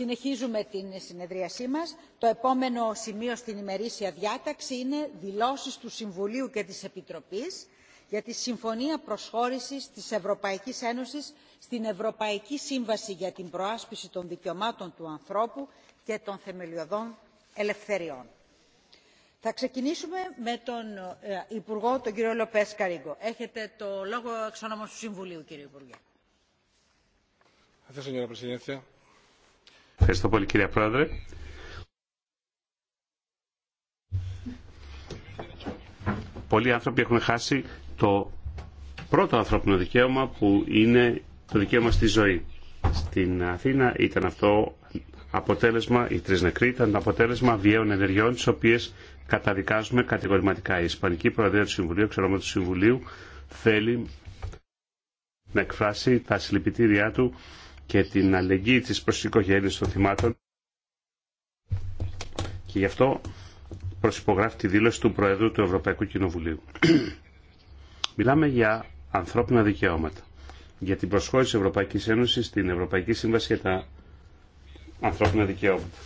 Συνεχίζουμε την συνεδρίασή μας. Το επόμενο σημείο στην ημερήσια διάταξη είναι δηλώσεις του Συμβουλίου και της Επιτροπής για τη Συμφωνία Προσχώρησης της Ευρωπαϊκής Ένωσης στην Ευρωπαϊκή Σύμβαση για την Προάσπιση των Δικαιωμάτων του Ανθρώπου και των Θεμελιωδών Ελευθεριών. Θα ξεκινήσουμε με τον ε, Υπουργό, τον κύριο Λοπές Καρίγκο. Έχετε το λόγο εξ του Συμβουλίου, κύριε Υπουργέ. Ευχαριστώ πολύ κύριε Πρόεδρε. Πολλοί άνθρωποι έχουν χάσει το πρώτο ανθρώπινο δικαίωμα που είναι το δικαίωμα στη ζωή. Στην Αθήνα ήταν αυτό αποτέλεσμα, οι τρεις νεκροί ήταν το αποτέλεσμα βιαίων ενεργειών τις οποίες καταδικάζουμε κατηγορηματικά. Η Ισπανική Προεδρία του Συμβουλίου, ξέρω του Συμβουλίου, θέλει να εκφράσει τα συλληπιτήριά του και την αλληλεγγύη της προς των θυμάτων και γι' αυτό προσυπογράφει τη δήλωση του Προέδρου του Ευρωπαϊκού Κοινοβουλίου. Μιλάμε για ανθρώπινα δικαιώματα, για την προσχώρηση Ευρωπαϊκής Ένωσης στην Ευρωπαϊκή Σύμβαση για τα ανθρώπινα δικαιώματα.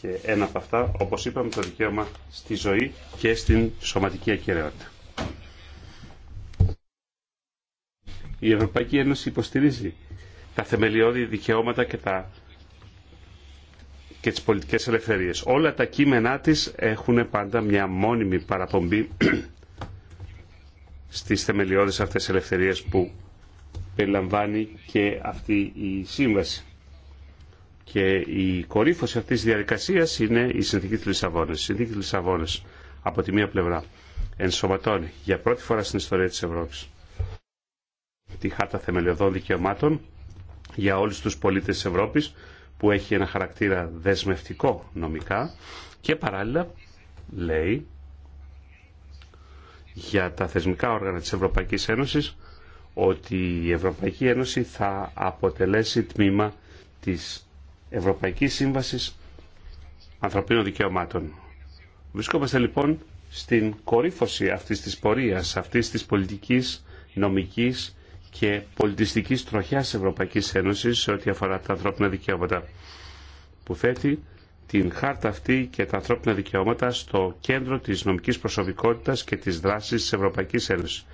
Και ένα από αυτά, όπως είπαμε, το δικαίωμα στη ζωή και στην σωματική ακυρεότητα. Η Ευρωπαϊκή Ένωση υποστηρίζει τα θεμελιώδη δικαιώματα και, τα, και τις πολιτικές ελευθερίες. Όλα τα κείμενά της έχουν πάντα μια μόνιμη παραπομπή στις θεμελιώδεις αυτές ελευθερίες που περιλαμβάνει και αυτή η σύμβαση. Και η κορύφωση αυτής της διαδικασίας είναι η Συνθήκη της Λισαβόνης. Η Συνθήκη της Λισαβόνης, από τη μία πλευρά ενσωματώνει για πρώτη φορά στην ιστορία της Ευρώπης τη Χάρτα Θεμελιωδών Δικαιωμάτων για όλους τους πολίτες της Ευρώπης που έχει ένα χαρακτήρα δεσμευτικό νομικά και παράλληλα λέει για τα θεσμικά όργανα της Ευρωπαϊκής Ένωσης ότι η Ευρωπαϊκή Ένωση θα αποτελέσει τμήμα της Ευρωπαϊκής Σύμβασης Ανθρωπίνων Δικαιωμάτων. Βρισκόμαστε λοιπόν στην κορύφωση αυτής της πορείας, αυτής της πολιτικής, νομικής και πολιτιστικής τροχιάς Ευρωπαϊκής Ένωσης σε ό,τι αφορά τα ανθρώπινα δικαιώματα που θέτει την χάρτα αυτή και τα ανθρώπινα δικαιώματα στο κέντρο της νομικής προσωπικότητας και της δράσης της Ευρωπαϊκής Ένωσης.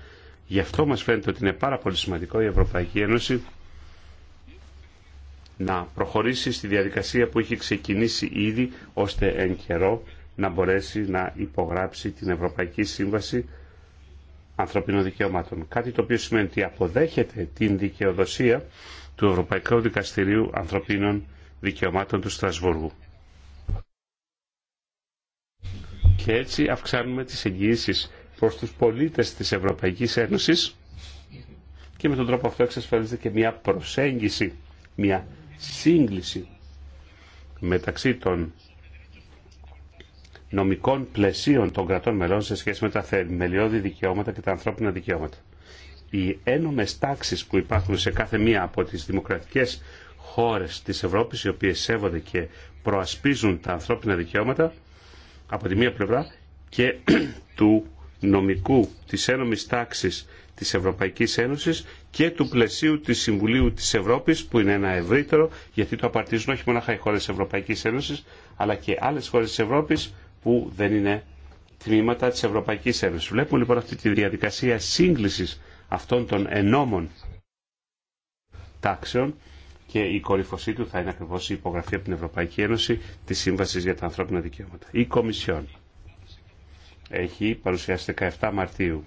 Γι' αυτό μας φαίνεται ότι είναι πάρα πολύ σημαντικό η Ευρωπαϊκή Ένωση να προχωρήσει στη διαδικασία που έχει ξεκινήσει ήδη, ώστε εν καιρό να μπορέσει να υπογράψει την Ευρωπαϊκή Σύμβαση ανθρωπίνων δικαιωμάτων. Κάτι το οποίο σημαίνει ότι αποδέχεται την δικαιοδοσία του Ευρωπαϊκού Δικαστηρίου Ανθρωπίνων Δικαιωμάτων του Στρασβούργου. Και έτσι αυξάνουμε τις εγγυήσεις προς τους πολίτες της Ευρωπαϊκής Ένωσης και με τον τρόπο αυτό εξασφαλίζεται και μια προσέγγιση, μια σύγκληση μεταξύ των νομικών πλαισίων των κρατών μελών σε σχέση με τα θεμελιώδη δικαιώματα και τα ανθρώπινα δικαιώματα. Οι ένομε τάξει που υπάρχουν σε κάθε μία από τι δημοκρατικέ χώρε τη Ευρώπη, οι οποίε σέβονται και προασπίζουν τα ανθρώπινα δικαιώματα, από τη μία πλευρά και του νομικού της ένομης τάξη τη Ευρωπαϊκή Ένωση και του πλαισίου τη Συμβουλίου τη Ευρώπη, που είναι ένα ευρύτερο γιατί το απαρτίζουν όχι μόνο οι χώρε τη Ευρωπαϊκή Ένωση, αλλά και άλλε χώρε τη Ευρώπη που δεν είναι τμήματα της Ευρωπαϊκής Ένωσης. Βλέπουμε λοιπόν αυτή τη διαδικασία σύγκλησης αυτών των ενόμων τάξεων και η κορυφωσή του θα είναι ακριβώ η υπογραφή από την Ευρωπαϊκή Ένωση τη Σύμβαση για τα Ανθρώπινα Δικαιώματα. Η Κομισιόν έχει παρουσιάσει 17 Μαρτίου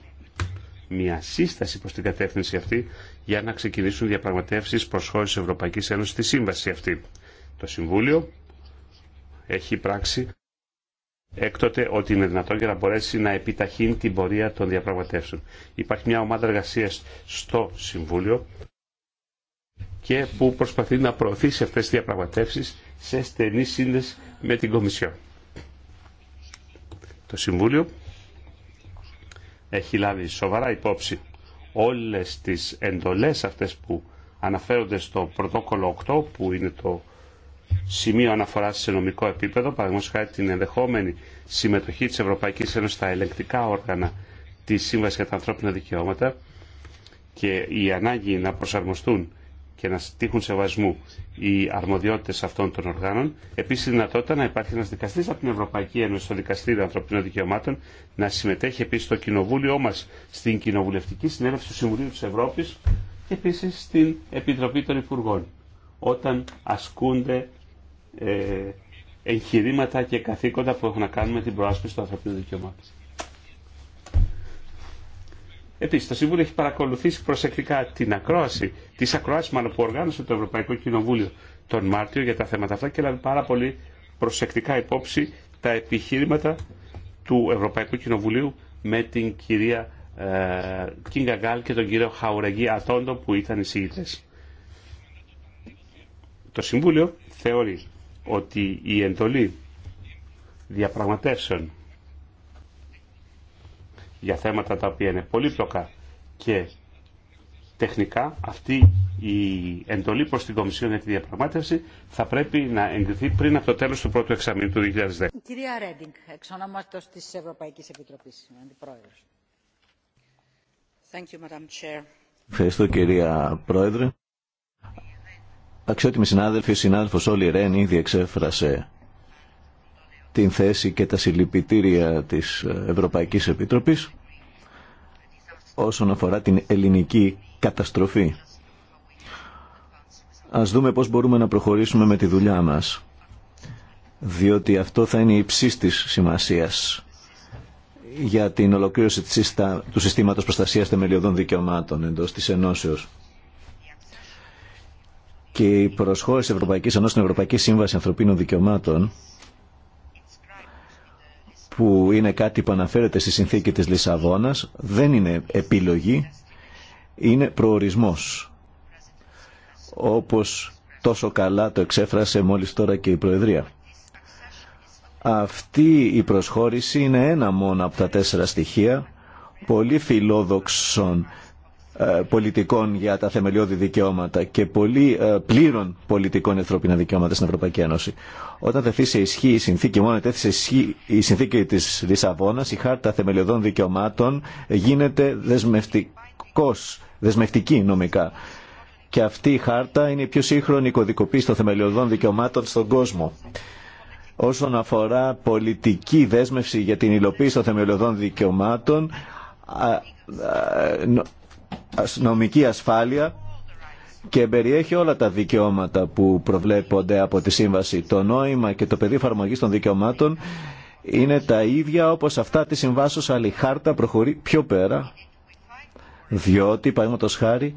μια σύσταση προς την κατεύθυνση αυτή για να ξεκινήσουν διαπραγματεύσει προσχώρηση Ευρωπαϊκής Ένωσης στη Σύμβαση αυτή. Το Συμβούλιο έχει πράξει έκτοτε ότι είναι δυνατόν για να μπορέσει να επιταχύνει την πορεία των διαπραγματεύσεων. Υπάρχει μια ομάδα εργασία στο Συμβούλιο και που προσπαθεί να προωθήσει αυτέ τι διαπραγματεύσεις σε στενή σύνδεση με την Κομισιό. Το Συμβούλιο έχει λάβει σοβαρά υπόψη όλες τις εντολές αυτές που αναφέρονται στο πρωτόκολλο 8 που είναι το σημείο αναφορά σε νομικό επίπεδο, παραδείγματο χάρη την ενδεχόμενη συμμετοχή τη Ευρωπαϊκή Ένωση στα ελεγκτικά όργανα τη Σύμβαση για τα Ανθρώπινα Δικαιώματα και η ανάγκη να προσαρμοστούν και να τύχουν σεβασμού οι αρμοδιότητε αυτών των οργάνων. Επίση, η δυνατότητα να υπάρχει ένα δικαστή από την Ευρωπαϊκή Ένωση στο Δικαστήριο Ανθρωπίνων Δικαιωμάτων, να συμμετέχει επίση το κοινοβούλιο μα στην Κοινοβουλευτική Συνέλευση του Συμβουλίου τη Ευρώπη και επίση στην Επιτροπή των Υπουργών όταν ασκούνται ε, εγχειρήματα και καθήκοντα που έχουν να κάνουν με την προάσπιση των ανθρωπίνων δικαιωμάτων. Επίση, το Συμβούλιο έχει παρακολουθήσει προσεκτικά την ακρόαση, τι ακροάσει μάλλον που οργάνωσε το Ευρωπαϊκό Κοινοβούλιο τον Μάρτιο για τα θέματα αυτά και έλαβε πάρα πολύ προσεκτικά υπόψη τα επιχείρηματα του Ευρωπαϊκού Κοινοβουλίου με την κυρία ε, Γκάλ και τον κύριο Χαουραγή Ατόντο που ήταν εισηγητέ. Το Συμβούλιο θεωρεί ότι η εντολή διαπραγματεύσεων για θέματα τα οποία είναι πολύπλοκα και τεχνικά αυτή η εντολή προς την Κομισιόν για τη διαπραγμάτευση θα πρέπει να εγκριθεί πριν από το τέλος του πρώτου εξαμήνου του 2010. κυρία Ρέντινγκ, εξ ονόματος της Ευρωπαϊκής Επιτροπής, Ευχαριστώ κυρία Πρόεδρε. Αξιότιμοι συνάδελφοι, συνάδελφος Όλη Ρέν ήδη εξέφρασε την θέση και τα συλληπιτήρια της Ευρωπαϊκής Επιτροπής όσον αφορά την ελληνική καταστροφή. Ας δούμε πώς μπορούμε να προχωρήσουμε με τη δουλειά μας, διότι αυτό θα είναι υψίστης σημασίας για την ολοκλήρωση του συστήματος προστασίας θεμελιωδών δικαιωμάτων εντός της Ενώσεως και η προσχώρηση Ευρωπαϊκή Ενώσης στην Ευρωπαϊκή Σύμβαση Ανθρωπίνων Δικαιωμάτων που είναι κάτι που αναφέρεται στη συνθήκη της Λισαβόνας δεν είναι επιλογή, είναι προορισμός. Όπως τόσο καλά το εξέφρασε μόλις τώρα και η Προεδρία. Αυτή η προσχώρηση είναι ένα μόνο από τα τέσσερα στοιχεία πολύ φιλόδοξων ε, πολιτικών για τα θεμελιώδη δικαιώματα και πολύ ε, πλήρων πολιτικών ανθρώπινα δικαιώματα στην Ευρωπαϊκή Ένωση. Όταν τεθεί σε ισχύ η συνθήκη, μόνο τέθει σε ισχύ η συνθήκη τη Λισαβόνα, η χάρτα θεμελιωδών δικαιωμάτων γίνεται δεσμευτικός, δεσμευτική νομικά. Και αυτή η χάρτα είναι η πιο σύγχρονη κωδικοποίηση των θεμελιωδών δικαιωμάτων στον κόσμο όσον αφορά πολιτική δέσμευση για την υλοποίηση των θεμελιωδών δικαιωμάτων νομική ασφάλεια και περιέχει όλα τα δικαιώματα που προβλέπονται από τη σύμβαση. Το νόημα και το πεδίο εφαρμογή των δικαιωμάτων είναι τα ίδια όπως αυτά τη συμβάσεως, αλλά η χάρτα προχωρεί πιο πέρα, διότι, παραδείγματος χάρη,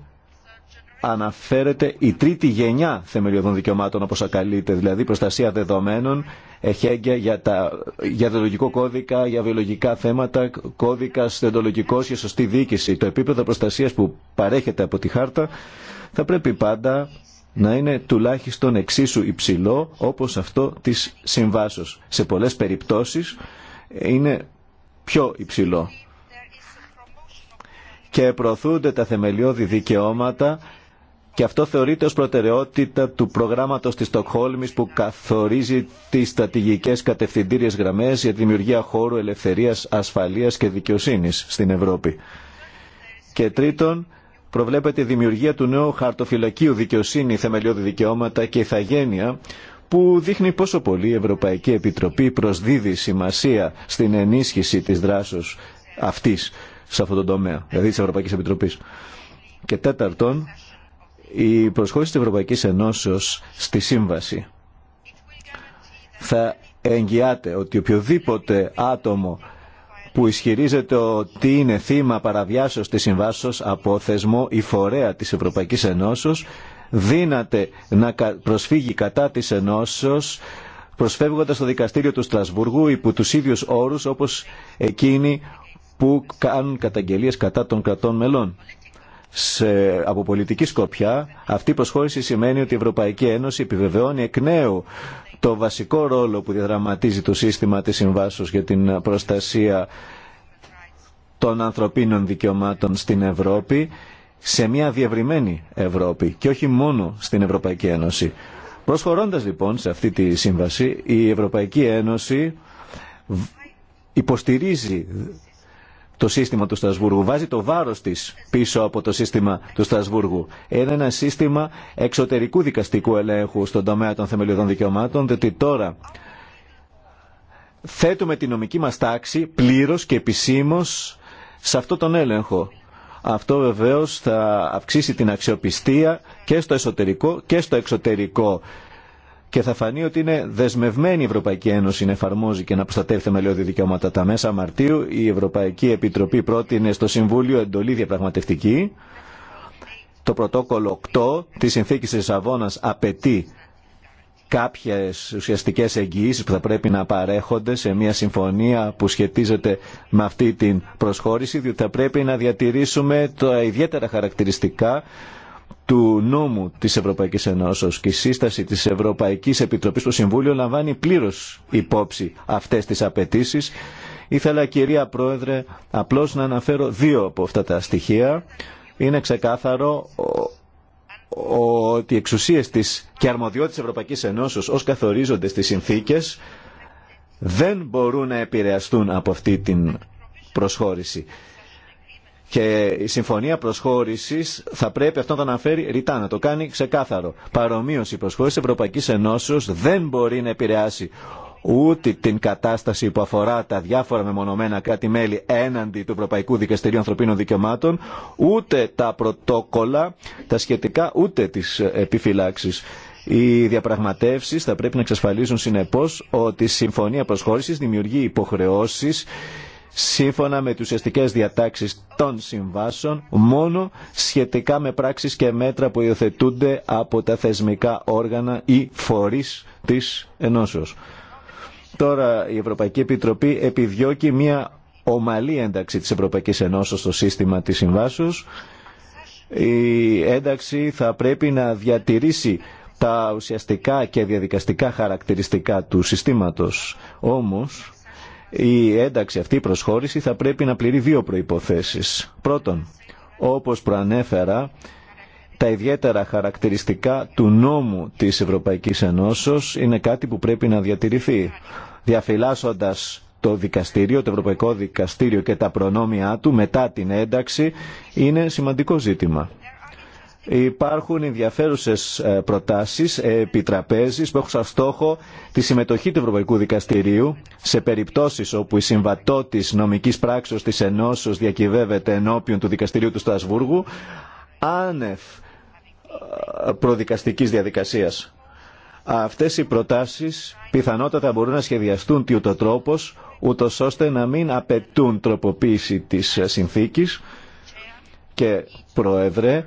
αναφέρεται η τρίτη γενιά θεμελιωδών δικαιωμάτων όπως ακαλείται, δηλαδή προστασία δεδομένων, εχέγγια για, τα, για δεδολογικό κώδικα, για βιολογικά θέματα, κώδικα θεντολογικός και σωστή διοίκηση. Το επίπεδο προστασίας που παρέχεται από τη χάρτα θα πρέπει πάντα να είναι τουλάχιστον εξίσου υψηλό όπως αυτό της συμβάσεως. Σε πολλές περιπτώσεις είναι πιο υψηλό και προωθούνται τα θεμελιώδη δικαιώματα και αυτό θεωρείται ως προτεραιότητα του προγράμματος της Στοκχόλμης που καθορίζει τις στρατηγικές κατευθυντήριες γραμμές για τη δημιουργία χώρου ελευθερίας, ασφαλείας και δικαιοσύνης στην Ευρώπη. Και τρίτον, προβλέπεται η δημιουργία του νέου χαρτοφυλακίου δικαιοσύνη, θεμελιώδη δικαιώματα και ηθαγένεια που δείχνει πόσο πολύ η Ευρωπαϊκή Επιτροπή προσδίδει σημασία στην ενίσχυση της δράσης αυτής σε αυτόν τον τομέα, δηλαδή της Ευρωπαϊκής Επιτροπής. Και τέταρτον, η προσχώρηση της Ευρωπαϊκής Ενώσεως στη Σύμβαση θα εγγυάται ότι οποιοδήποτε άτομο που ισχυρίζεται ότι είναι θύμα παραβιάσεως της συμβάσεως από θεσμό ή φορέα της Ευρωπαϊκής Ενώσεως δύναται να προσφύγει κατά της Ενώσεως προσφεύγοντας στο δικαστήριο του Στρασβούργου υπό τους ίδιους όρους όπως εκείνοι που κάνουν καταγγελίες κατά των κρατών μελών σε, από πολιτική σκοπιά, αυτή η προσχώρηση σημαίνει ότι η Ευρωπαϊκή Ένωση επιβεβαιώνει εκ νέου το βασικό ρόλο που διαδραματίζει το σύστημα της συμβάσεως για την προστασία των ανθρωπίνων δικαιωμάτων στην Ευρώπη σε μια διευρυμένη Ευρώπη και όχι μόνο στην Ευρωπαϊκή Ένωση. Προσχωρώντας λοιπόν σε αυτή τη σύμβαση η Ευρωπαϊκή Ένωση υποστηρίζει το σύστημα του Στρασβούργου. Βάζει το βάρος της πίσω από το σύστημα του Στρασβούργου. Είναι ένα σύστημα εξωτερικού δικαστικού ελέγχου στον τομέα των θεμελιωδών δικαιωμάτων, διότι τώρα θέτουμε τη νομική μας τάξη πλήρως και επισήμως σε αυτό τον έλεγχο. Αυτό βεβαίως θα αυξήσει την αξιοπιστία και στο εσωτερικό και στο εξωτερικό και θα φανεί ότι είναι δεσμευμένη η Ευρωπαϊκή Ένωση να εφαρμόζει και να προστατεύει θεμελιώδη δικαιώματα. Τα μέσα Μαρτίου η Ευρωπαϊκή Επιτροπή πρότεινε στο Συμβούλιο εντολή διαπραγματευτική. Το πρωτόκολλο 8 της Συνθήκης της Αβώνας απαιτεί κάποιες ουσιαστικές εγγυήσεις που θα πρέπει να παρέχονται σε μια συμφωνία που σχετίζεται με αυτή την προσχώρηση, διότι θα πρέπει να διατηρήσουμε τα ιδιαίτερα χαρακτηριστικά του νόμου της Ευρωπαϊκής Ενώσεως και η σύσταση της Ευρωπαϊκής Επιτροπής στο Συμβούλιο λαμβάνει πλήρως υπόψη αυτές τις απαιτήσει. Ήθελα κυρία Πρόεδρε απλώς να αναφέρω δύο από αυτά τα στοιχεία. Είναι ξεκάθαρο ότι οι εξουσίες της και αρμοδιότητες Ευρωπαϊκής Ενώσεως ως καθορίζονται στις συνθήκες δεν μπορούν να επηρεαστούν από αυτή την προσχώρηση. Και η συμφωνία προσχώρηση θα πρέπει αυτό να το αναφέρει ρητά, να το κάνει ξεκάθαρο. Παρομοίω, η προσχώρηση Ευρωπαϊκή Ενώσεω δεν μπορεί να επηρεάσει ούτε την κατάσταση που αφορά τα διάφορα μεμονωμένα κράτη-μέλη έναντι του Ευρωπαϊκού Δικαστηρίου Ανθρωπίνων Δικαιωμάτων, ούτε τα πρωτόκολλα, τα σχετικά, ούτε τι επιφυλάξει. Οι διαπραγματεύσει θα πρέπει να εξασφαλίζουν συνεπώ ότι η Συμφωνία προσχώρηση δημιουργεί υποχρεώσει σύμφωνα με τις ουσιαστικές διατάξεις των συμβάσεων μόνο σχετικά με πράξεις και μέτρα που υιοθετούνται από τα θεσμικά όργανα ή φορείς της Ενώσεως. Τώρα η Ευρωπαϊκή Επιτροπή επιδιώκει μια ομαλή ένταξη της Ευρωπαϊκής Ενώσεως στο σύστημα της συμβάσεως. Η ένταξη θα πρέπει να διατηρήσει τα ουσιαστικά και διαδικαστικά χαρακτηριστικά του συστήματος. Όμως, η ένταξη αυτή, η προσχώρηση θα πρέπει να πληρεί δύο προϋποθέσεις. Πρώτον, όπως προανέφερα, τα ιδιαίτερα χαρακτηριστικά του νόμου της Ευρωπαϊκής Ενώσεως είναι κάτι που πρέπει να διατηρηθεί, διαφυλάσσοντας το δικαστήριο, το Ευρωπαϊκό Δικαστήριο και τα προνόμια του μετά την ένταξη είναι σημαντικό ζήτημα. Υπάρχουν ενδιαφέρουσε ε, προτάσει ε, επί τραπέζης που έχουν σαν στόχο τη συμμετοχή του Ευρωπαϊκού Δικαστηρίου σε περιπτώσει όπου η συμβατότη νομική πράξεω τη ενώσεω διακυβεύεται ενώπιον του Δικαστηρίου του Στρασβούργου, άνευ ε, προδικαστικής διαδικασίας. Αυτές οι προτάσεις πιθανότατα μπορούν να σχεδιαστούν τι ούτω τρόπος, ούτως ώστε να μην απαιτούν τροποποίηση της συνθήκης και Πρόεδρε,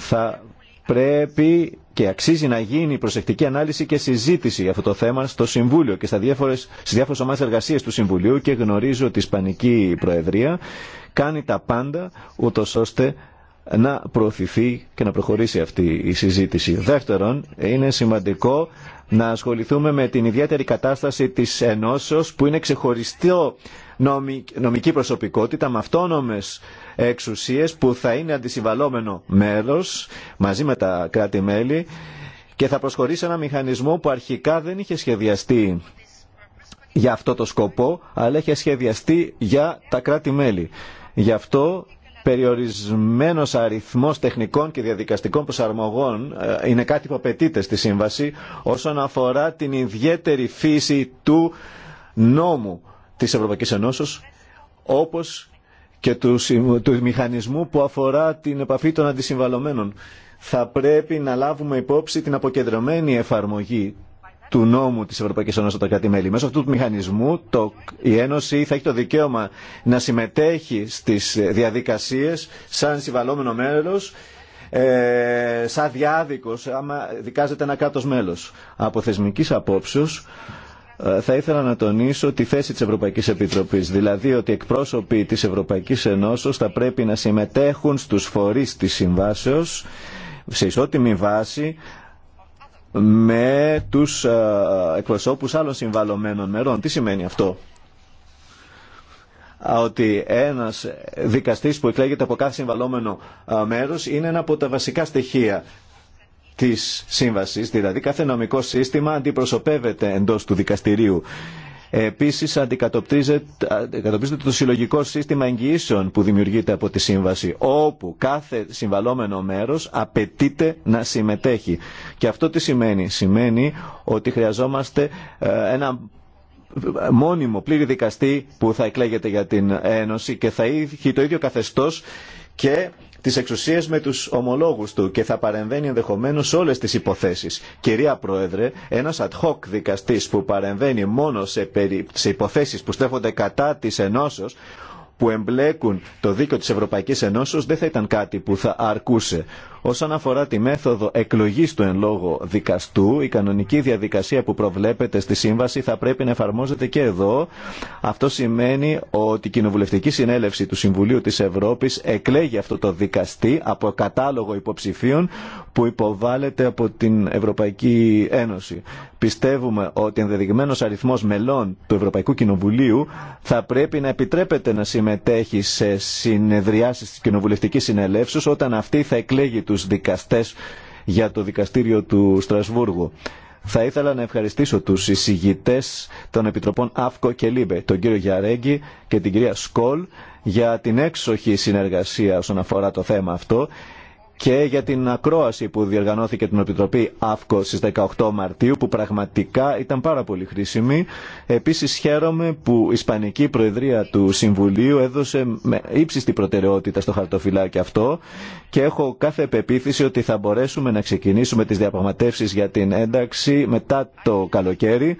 θα πρέπει και αξίζει να γίνει προσεκτική ανάλυση και συζήτηση για αυτό το θέμα στο Συμβούλιο και στα διάφορες, στις διάφορες ομάδες εργασίες του Συμβουλίου και γνωρίζω ότι η Ισπανική Προεδρία κάνει τα πάντα ούτω ώστε να προωθηθεί και να προχωρήσει αυτή η συζήτηση. Δεύτερον, είναι σημαντικό να ασχοληθούμε με την ιδιαίτερη κατάσταση της ενώσεως που είναι ξεχωριστό νομική προσωπικότητα με αυτόνομες εξουσίες που θα είναι αντισυμβαλόμενο μέλος μαζί με τα κράτη-μέλη και θα προσχωρήσει ένα μηχανισμό που αρχικά δεν είχε σχεδιαστεί για αυτό το σκοπό αλλά είχε σχεδιαστεί για τα κράτη-μέλη. Γι' αυτό περιορισμένος αριθμός τεχνικών και διαδικαστικών προσαρμογών ε, είναι κάτι που απαιτείται στη Σύμβαση όσον αφορά την ιδιαίτερη φύση του νόμου της Ευρωπαϊκής Ενώσεως όπως και του, του μηχανισμού που αφορά την επαφή των αντισυμβαλωμένων. Θα πρέπει να λάβουμε υπόψη την αποκεντρωμένη εφαρμογή του νόμου της Ευρωπαϊκής Ένωσης από τα κράτη-μέλη. Μέσω αυτού του μηχανισμού το, η Ένωση θα έχει το δικαίωμα να συμμετέχει στις διαδικασίες σαν συμβαλόμενο μέλος ε, σαν διάδικος άμα δικάζεται ένα κράτο μέλο. Από θεσμική απόψεως ε, θα ήθελα να τονίσω τη θέση της Ευρωπαϊκής Επιτροπής, δηλαδή ότι εκπρόσωποι της Ευρωπαϊκής Ενώσεως θα πρέπει να συμμετέχουν στους φορείς της συμβάσεως σε ισότιμη βάση με τους ε, εκπροσώπους άλλων συμβαλωμένων μερών. Τι σημαίνει αυτό ότι ένας δικαστής που εκλέγεται από κάθε συμβαλόμενο ε, μέρος είναι ένα από τα βασικά στοιχεία της σύμβασης, δηλαδή κάθε νομικό σύστημα αντιπροσωπεύεται εντός του δικαστηρίου. Επίσης αντικατοπτρίζεται, το συλλογικό σύστημα εγγυήσεων που δημιουργείται από τη Σύμβαση, όπου κάθε συμβαλόμενο μέρος απαιτείται να συμμετέχει. Και αυτό τι σημαίνει. Σημαίνει ότι χρειαζόμαστε ε, ένα μόνιμο πλήρη δικαστή που θα εκλέγεται για την Ένωση και θα έχει το ίδιο καθεστώς και τις εξουσίες με τους ομολόγους του και θα παρεμβαίνει ενδεχομένως σε όλες τις υποθέσεις. Κυρία Πρόεδρε, ένας ad hoc δικαστής που παρεμβαίνει μόνο σε, περι... υποθέσεις που στρέφονται κατά της ενώσεως, που εμπλέκουν το δίκαιο της Ευρωπαϊκής Ενώσεως δεν θα ήταν κάτι που θα αρκούσε. Όσον αφορά τη μέθοδο εκλογής του εν λόγω δικαστού, η κανονική διαδικασία που προβλέπεται στη σύμβαση θα πρέπει να εφαρμόζεται και εδώ. Αυτό σημαίνει ότι η Κοινοβουλευτική Συνέλευση του Συμβουλίου τη Ευρώπη εκλέγει αυτό το δικαστή από κατάλογο υποψηφίων που υποβάλλεται από την Ευρωπαϊκή Ένωση. Πιστεύουμε ότι ενδεδειγμένο αριθμό μελών του Ευρωπαϊκού Κοινοβουλίου θα πρέπει να επιτρέπεται να συμμετέχει σε συνεδριάσει τη κοινοβουλευτική Συνελεύσεω όταν αυτή θα εκλέγει τους δικαστές για το δικαστήριο του Στρασβούργου. Θα ήθελα να ευχαριστήσω τους εισηγητές των Επιτροπών ΑΦΚΟ και ΛΥΜΠΕ, τον κύριο Γιαρέγγι και την κυρία Σκολ, για την έξοχη συνεργασία όσον αφορά το θέμα αυτό και για την ακρόαση που διοργανώθηκε την Επιτροπή ΑΦΚΟ στις 18 Μαρτίου που πραγματικά ήταν πάρα πολύ χρήσιμη. Επίσης χαίρομαι που η Ισπανική Προεδρία του Συμβουλίου έδωσε με ύψιστη προτεραιότητα στο χαρτοφυλάκι αυτό και έχω κάθε πεποίθηση ότι θα μπορέσουμε να ξεκινήσουμε τις διαπραγματεύσεις για την ένταξη μετά το καλοκαίρι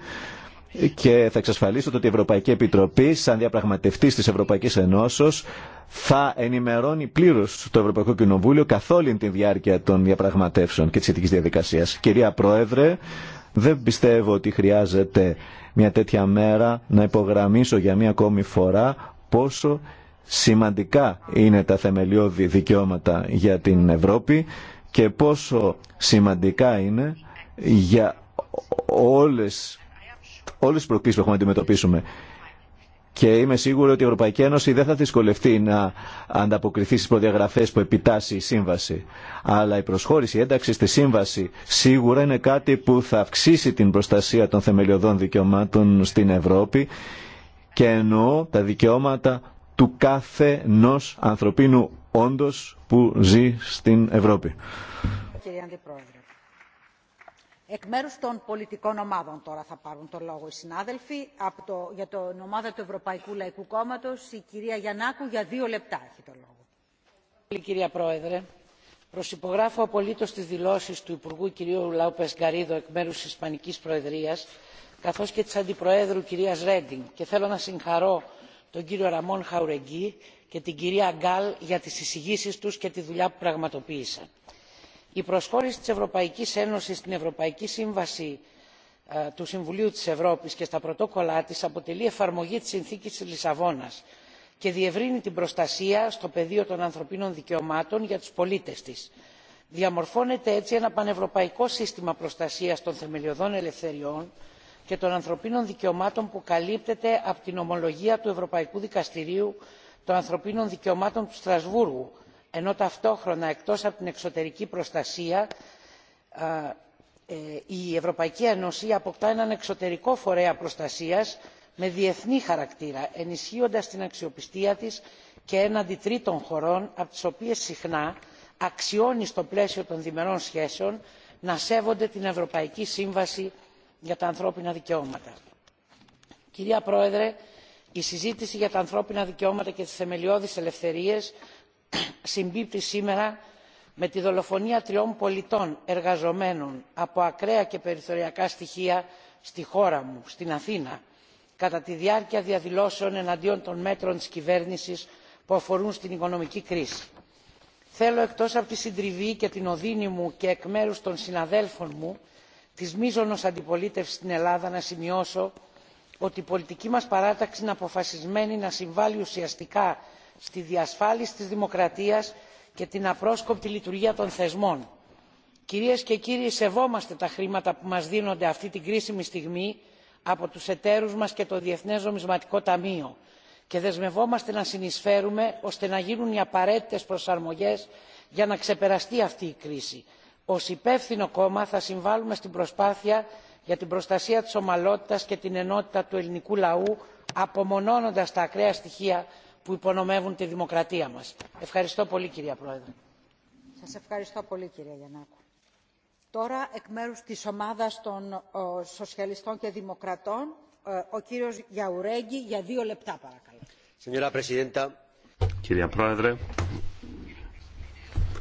και θα εξασφαλίσω ότι η Ευρωπαϊκή Επιτροπή, σαν διαπραγματευτή τη Ευρωπαϊκή Ενώσεω, θα ενημερώνει πλήρω το Ευρωπαϊκό Κοινοβούλιο καθ' όλη τη διάρκεια των διαπραγματεύσεων και τη σχετική διαδικασία. Κυρία Πρόεδρε, δεν πιστεύω ότι χρειάζεται μια τέτοια μέρα να υπογραμμίσω για μια ακόμη φορά πόσο σημαντικά είναι τα θεμελιώδη δικαιώματα για την Ευρώπη και πόσο σημαντικά είναι για όλες όλε τι προκλήσει που έχουμε να αντιμετωπίσουμε. Και είμαι σίγουρο ότι η Ευρωπαϊκή Ένωση δεν θα δυσκολευτεί να ανταποκριθεί στι προδιαγραφέ που επιτάσσει η Σύμβαση. Αλλά η προσχώρηση, η ένταξη στη Σύμβαση σίγουρα είναι κάτι που θα αυξήσει την προστασία των θεμελιωδών δικαιωμάτων στην Ευρώπη και εννοώ τα δικαιώματα του κάθε ενός ανθρωπίνου όντω που ζει στην Ευρώπη. Κύριε Αντιπρόεδρε. Εκ μέρους των πολιτικών ομάδων τώρα θα πάρουν το λόγο οι συνάδελφοι. Από το, για την ομάδα του Ευρωπαϊκού Λαϊκού Κόμματος, η κυρία Γιαννάκου για δύο λεπτά έχει το λόγο. Πολύ κυρία Πρόεδρε, προσυπογράφω απόλύτω τι δηλώσει του Υπουργού κυρίου Λαούπε Γκαρίδο εκ μέρου τη Ισπανική Προεδρία, καθώ και τη Αντιπροέδρου κυρίας Ρέντινγκ και θέλω να συγχαρώ τον κύριο Ραμόν Χαουρεγκή και την κυρία Γκάλ για τι εισηγήσει του και τη δουλειά που πραγματοποίησαν η προσχώρηση της ευρωπαϊκής ένωσης στην ευρωπαϊκή σύμβαση ε, του συμβουλίου της ευρώπης και στα πρωτόκολλά της αποτελεί εφαρμογή της συνθήκης της λισαβόνας και διευρύνει την προστασία στο πεδίο των ανθρωπίνων δικαιωμάτων για τους πολίτες της. διαμορφώνεται έτσι ένα πανευρωπαϊκό σύστημα προστασίας των θεμελιωδών ελευθεριών και των ανθρωπίνων δικαιωμάτων που καλύπτεται από την ομολογία του ευρωπαϊκού δικαστηρίου των ανθρωπίνων δικαιωμάτων του στρασβούργου ενώ ταυτόχρονα εκτός από την εξωτερική προστασία ε, η ευρωπαϊκή ένωση αποκτά έναν εξωτερικό φορέα προστασίας με διεθνή χαρακτήρα ενισχύοντας την αξιοπιστία της και έναντι τρίτων χωρών από τις οποίες συχνά αξιώνει στο πλαίσιο των διμερών σχέσεων να σέβονται την ευρωπαϊκή σύμβαση για τα ανθρώπινα δικαιώματα. κυρία πρόεδρε η συζήτηση για τα ανθρώπινα δικαιώματα και τις θεμελιώδεις ελευθερίες συμπίπτει σήμερα με τη δολοφονία τριών πολιτών εργαζομένων από ακραία και περιθωριακά στοιχεία στη χώρα μου στην αθήνα κατά τη διάρκεια διαδηλώσεων εναντίον των μέτρων της κυβέρνησης που αφορούν στην οικονομική κρίση. θέλω εκτός από τη συντριβή και την οδύνη μου και εκ μέρους των συναδέλφων μου της μείζωνος αντιπολίτευσης στην ελλάδα να σημειώσω ότι η πολιτική μας παράταξη είναι αποφασισμένη να συμβάλει ουσιαστικά στη διασφάλιση της δημοκρατίας και την απρόσκοπτη λειτουργία των θεσμών. Κυρίες και κύριοι, σεβόμαστε τα χρήματα που μας δίνονται αυτή την κρίσιμη στιγμή από τους εταίρους μας και το Διεθνές Νομισματικό Ταμείο και δεσμευόμαστε να συνεισφέρουμε ώστε να γίνουν οι απαραίτητες προσαρμογές για να ξεπεραστεί αυτή η κρίση. Ως υπεύθυνο κόμμα θα συμβάλλουμε στην προσπάθεια για την προστασία της ομαλότητας και την ενότητα του ελληνικού λαού απομονώνοντας τα ακραία στοιχεία που υπονομεύουν τη δημοκρατία μας. Ευχαριστώ πολύ κυρία Πρόεδρε. Σας ευχαριστώ πολύ κυρία Γιαννάκου. Τώρα εκ μέρους της ομάδας των Σοσιαλιστών και Δημοκρατών ε, ο κύριος Γιαουρέγγι για δύο λεπτά παρακαλώ. Κυρία Πρόεδρε,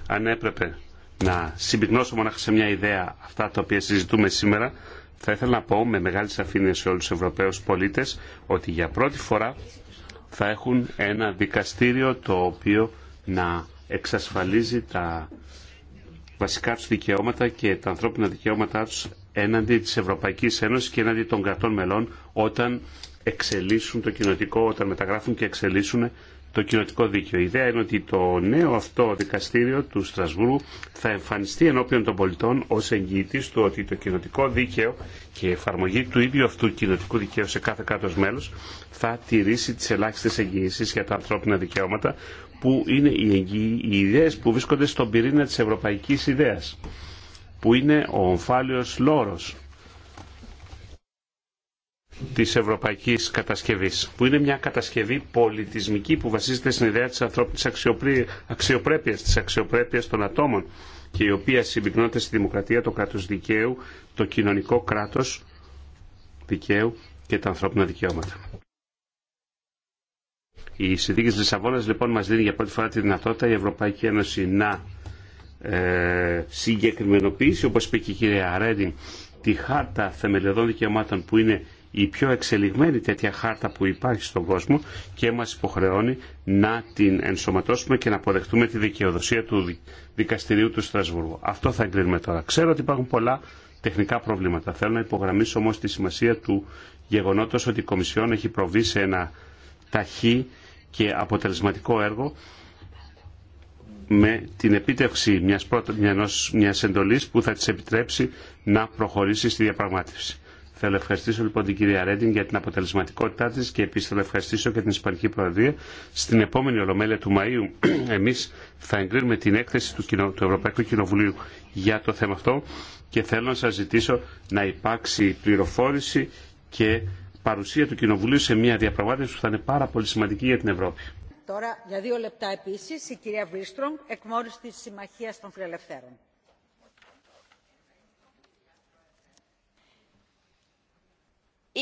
αν έπρεπε να συμπυκνώσω μονάχα σε μια ιδέα αυτά τα οποία συζητούμε σήμερα, θα ήθελα να πω με μεγάλη σαφήνεια σε όλους τους Ευρωπαίους πολίτες ότι για πρώτη φορά θα έχουν ένα δικαστήριο το οποίο να εξασφαλίζει τα βασικά τους δικαιώματα και τα ανθρώπινα δικαιώματά τους έναντι της Ευρωπαϊκής Ένωσης και έναντι των κρατών μελών όταν εξελίσσουν το κοινοτικό, όταν μεταγράφουν και εξελίσσουν το κοινοτικό δίκαιο. Η ιδέα είναι ότι το νέο αυτό δικαστήριο του Στρασβούργου θα εμφανιστεί ενώπιον των πολιτών ω εγγυητή του ότι το κοινοτικό δίκαιο και η εφαρμογή του ίδιου αυτού κοινοτικού δικαίου σε κάθε κράτο μέλο θα τηρήσει τι ελάχιστε εγγυήσει για τα ανθρώπινα δικαιώματα που είναι οι, οι ιδέε που βρίσκονται στον πυρήνα τη ευρωπαϊκή ιδέα που είναι ο ομφάλιος λόρος της ευρωπαϊκής κατασκευής, που είναι μια κατασκευή πολιτισμική που βασίζεται στην ιδέα της ανθρώπινης αξιοπρέπειας, της αξιοπρέπειας των ατόμων και η οποία συμπυκνώνεται στη δημοκρατία, το κράτος δικαίου, το κοινωνικό κράτος δικαίου και τα ανθρώπινα δικαιώματα. Η συνθήκη της Λισαβόνας λοιπόν μας δίνει για πρώτη φορά τη δυνατότητα η Ευρωπαϊκή Ένωση να ε, συγκεκριμενοποιήσει, όπως είπε και η κυρία Ρέντιν τη χάρτα θεμελιωδών δικαιωμάτων που είναι η πιο εξελιγμένη τέτοια χάρτα που υπάρχει στον κόσμο και μας υποχρεώνει να την ενσωματώσουμε και να αποδεχτούμε τη δικαιοδοσία του δικαστηρίου του Στρασβούργου. Αυτό θα εγκρίνουμε τώρα. Ξέρω ότι υπάρχουν πολλά τεχνικά προβλήματα. Θέλω να υπογραμμίσω όμως τη σημασία του γεγονότος ότι η Κομισιόν έχει προβεί σε ένα ταχύ και αποτελεσματικό έργο με την επίτευξη μιας, πρώτα, εντολής που θα της επιτρέψει να προχωρήσει στη διαπραγμάτευση. Θέλω να ευχαριστήσω λοιπόν την κυρία Ρέντιν για την αποτελεσματικότητά τη και επίση θέλω να ευχαριστήσω και την Ισπανική Προεδρία. Στην επόμενη Ολομέλεια του Μαου, εμεί θα εγκρίνουμε την έκθεση του, Κοινο... του Ευρωπαϊκού Κοινοβουλίου για το θέμα αυτό και θέλω να σα ζητήσω να υπάρξει πληροφόρηση και παρουσία του Κοινοβουλίου σε μια διαπραγμάτευση που θα είναι πάρα πολύ σημαντική για την Ευρώπη. Τώρα για δύο λεπτά επίση η κυρία Βίστρομ εκ τη Συμμαχία των Φιλελευθέρων. E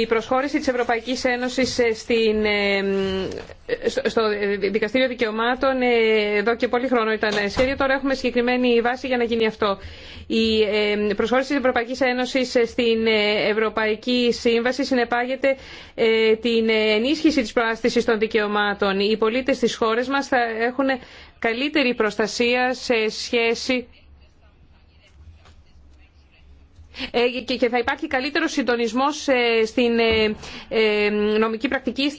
η προσχώρηση της Ευρωπαϊκής Ένωσης ε, ε, στο ε, Δικαστήριο Δικαιωμάτων εδώ και πολύ χρόνο ήταν σχέδιο. Τώρα έχουμε συγκεκριμένη βάση για να γίνει αυτό. Η προσχώρηση της Ευρωπαϊκής Ένωσης στην Ευρωπαϊκή Σύμβαση συνεπάγεται την ενίσχυση της προάστησης των δικαιωμάτων. Οι πολίτες της χώρας μας θα έχουν καλύτερη προστασία σε σχέση ε, και θα υπάρχει καλύτερο συντονισμός ε, στην ε, νομική πρακτική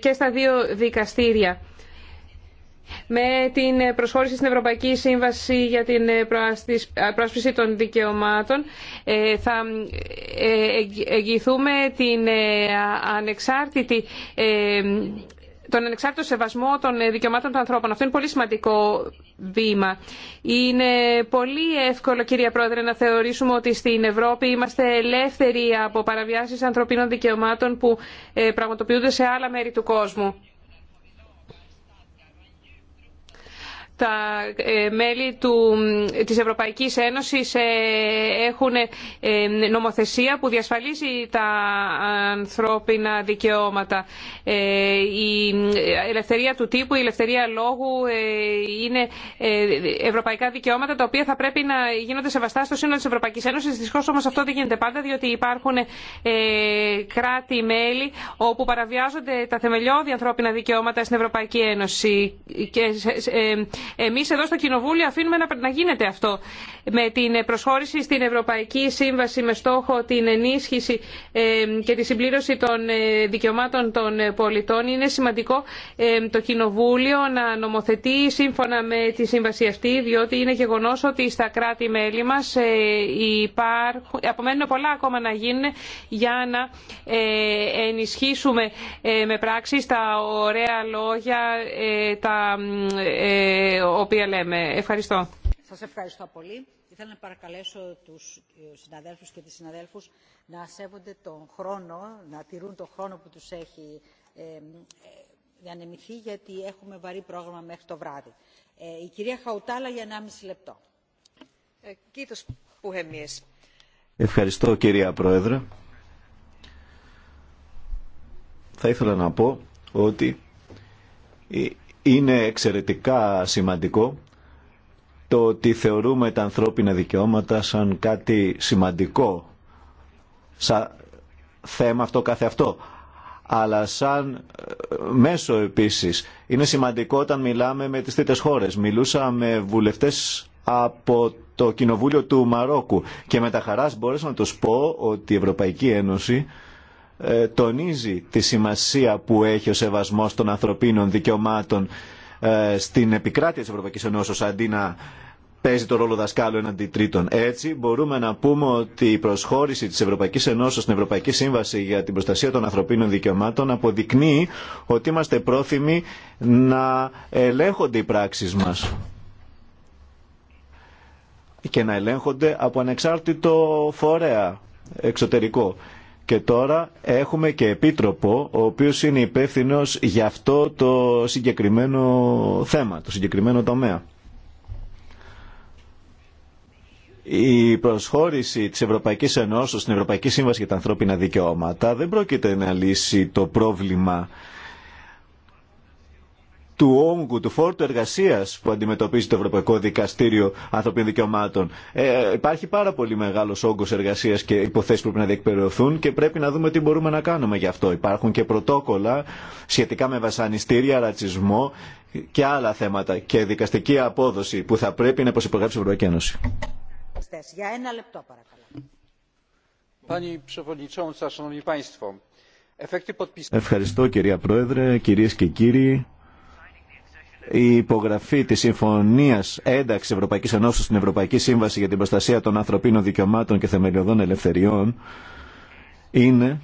και στα δύο δικαστήρια. Με την προσχώρηση στην Ευρωπαϊκή Σύμβαση για την πρόσπιση των δικαιωμάτων θα εγγυηθούμε την ανεξάρτητη τον ανεξάρτητο σεβασμό των ε, δικαιωμάτων των ανθρώπων. Αυτό είναι πολύ σημαντικό βήμα. Είναι πολύ εύκολο, κυρία Πρόεδρε, να θεωρήσουμε ότι στην Ευρώπη είμαστε ελεύθεροι από παραβιάσεις ανθρωπίνων δικαιωμάτων που ε, πραγματοποιούνται σε άλλα μέρη του κόσμου. τα ε, μέλη του, της Ευρωπαϊκής Ένωσης ε, έχουν ε, νομοθεσία που διασφαλίζει τα ανθρώπινα δικαιώματα. Η ελευθερία του τύπου, η ελευθερία λόγου είναι ευρωπαϊκά δικαιώματα τα οποία θα πρέπει να γίνονται σεβαστά στο σύνολο της Ευρωπαϊκής Ένωσης. Δυστυχώς όμως αυτό δεν γίνεται πάντα διότι υπάρχουν κράτη-μέλη όπου παραβιάζονται τα θεμελιώδη ανθρώπινα δικαιώματα στην Ευρωπαϊκή Ένωση. Και εμείς εδώ στο Κοινοβούλιο αφήνουμε να γίνεται αυτό. Με την προσχώρηση στην Ευρωπαϊκή Σύμβαση με στόχο την ενίσχυση ε, και τη συμπλήρωση των ε, δικαιωμάτων των πολιτών είναι σημαντικό ε, το Κοινοβούλιο να νομοθετεί σύμφωνα με τη Σύμβαση αυτή διότι είναι γεγονό ότι στα κράτη-μέλη μας υπάρχουν, απομένουν πολλά ακόμα να γίνουν για να ενισχύσουμε με πράξεις τα ωραία λόγια, τα ε, οποία λέμε. Ευχαριστώ. Σας ευχαριστώ πολύ. Ήθελα να παρακαλέσω τους ε, συναδέλφους και τις συναδέλφους να σέβονται τον χρόνο, να τηρούν τον χρόνο που τους έχει ε, διανεμηθεί, γιατί έχουμε βαρύ πρόγραμμα μέχρι το βράδυ. Η κυρία Χαουτάλα για 1,5 λεπτό. Ευχαριστώ κυρία Πρόεδρε. Θα ήθελα να πω ότι είναι εξαιρετικά σημαντικό το ότι θεωρούμε τα ανθρώπινα δικαιώματα σαν κάτι σημαντικό, σαν θέμα αυτό κάθε αυτό, αλλά σαν ε, μέσο επίσης. Είναι σημαντικό όταν μιλάμε με τις τρίτες χώρες. Μιλούσα με βουλευτές από το Κοινοβούλιο του Μαρόκου και με τα χαράς μπορέσα να τους πω ότι η Ευρωπαϊκή Ένωση ε, τονίζει τη σημασία που έχει ο σεβασμός των ανθρωπίνων δικαιωμάτων ε, στην επικράτεια της Ευρωπαϊκής Ενώσεως αντί να παίζει το ρόλο δασκάλου εναντί τρίτων. Έτσι μπορούμε να πούμε ότι η προσχώρηση της Ευρωπαϊκής Ενώσεως στην Ευρωπαϊκή Σύμβαση για την προστασία των ανθρωπίνων δικαιωμάτων αποδεικνύει ότι είμαστε πρόθυμοι να ελέγχονται οι πράξεις μας και να ελέγχονται από ανεξάρτητο φορέα εξωτερικό. Και τώρα έχουμε και επίτροπο, ο οποίος είναι υπεύθυνο για αυτό το συγκεκριμένο θέμα, το συγκεκριμένο τομέα. Η προσχώρηση της Ευρωπαϊκής Ενώσεως στην Ευρωπαϊκή Σύμβαση για τα Ανθρώπινα Δικαιώματα δεν πρόκειται να λύσει το πρόβλημα του όγκου, του φόρτου εργασία που αντιμετωπίζει το Ευρωπαϊκό Δικαστήριο Ανθρωπίνων Δικαιωμάτων. Ε, υπάρχει πάρα πολύ μεγάλο όγκο εργασία και υποθέσει που πρέπει να διεκπαιρεωθούν και πρέπει να δούμε τι μπορούμε να κάνουμε γι' αυτό. Υπάρχουν και πρωτόκολλα σχετικά με βασανιστήρια, ρατσισμό και άλλα θέματα και δικαστική απόδοση που θα πρέπει να προσυπογράψει η Ευρωπαϊκή Ένωση. Για ένα λεπτό, παρακαλώ. Ευχαριστώ κυρία Πρόεδρε, κυρίες και κύριοι η υπογραφή της Συμφωνίας Ένταξης Ευρωπαϊκής Ενώσης στην Ευρωπαϊκή Σύμβαση για την Προστασία των Ανθρωπίνων Δικαιωμάτων και Θεμελιωδών Ελευθεριών είναι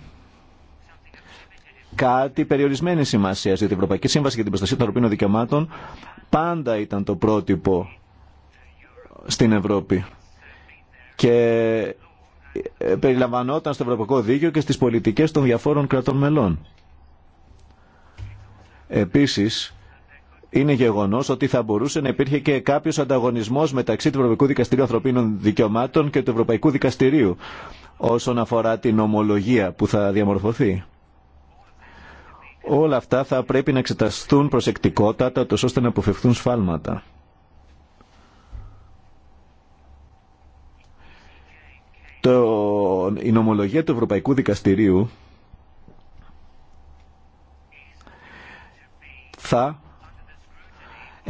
κάτι περιορισμένη σημασία, γιατί η Ευρωπαϊκή Σύμβαση για την Προστασία των Ανθρωπίνων Δικαιωμάτων πάντα ήταν το πρότυπο στην Ευρώπη και ε, περιλαμβανόταν στο Ευρωπαϊκό Δίκαιο και στις πολιτικές των διαφόρων κρατών μελών. Επίσης, είναι γεγονό ότι θα μπορούσε να υπήρχε και κάποιο ανταγωνισμό μεταξύ του Ευρωπαϊκού Δικαστηρίου Ανθρωπίνων Δικαιωμάτων και του Ευρωπαϊκού Δικαστηρίου όσον αφορά την ομολογία που θα διαμορφωθεί. Όλα αυτά θα πρέπει να εξεταστούν προσεκτικότατα τόσο ώστε να αποφευθούν σφάλματα. Το, η νομολογία του Ευρωπαϊκού Δικαστηρίου θα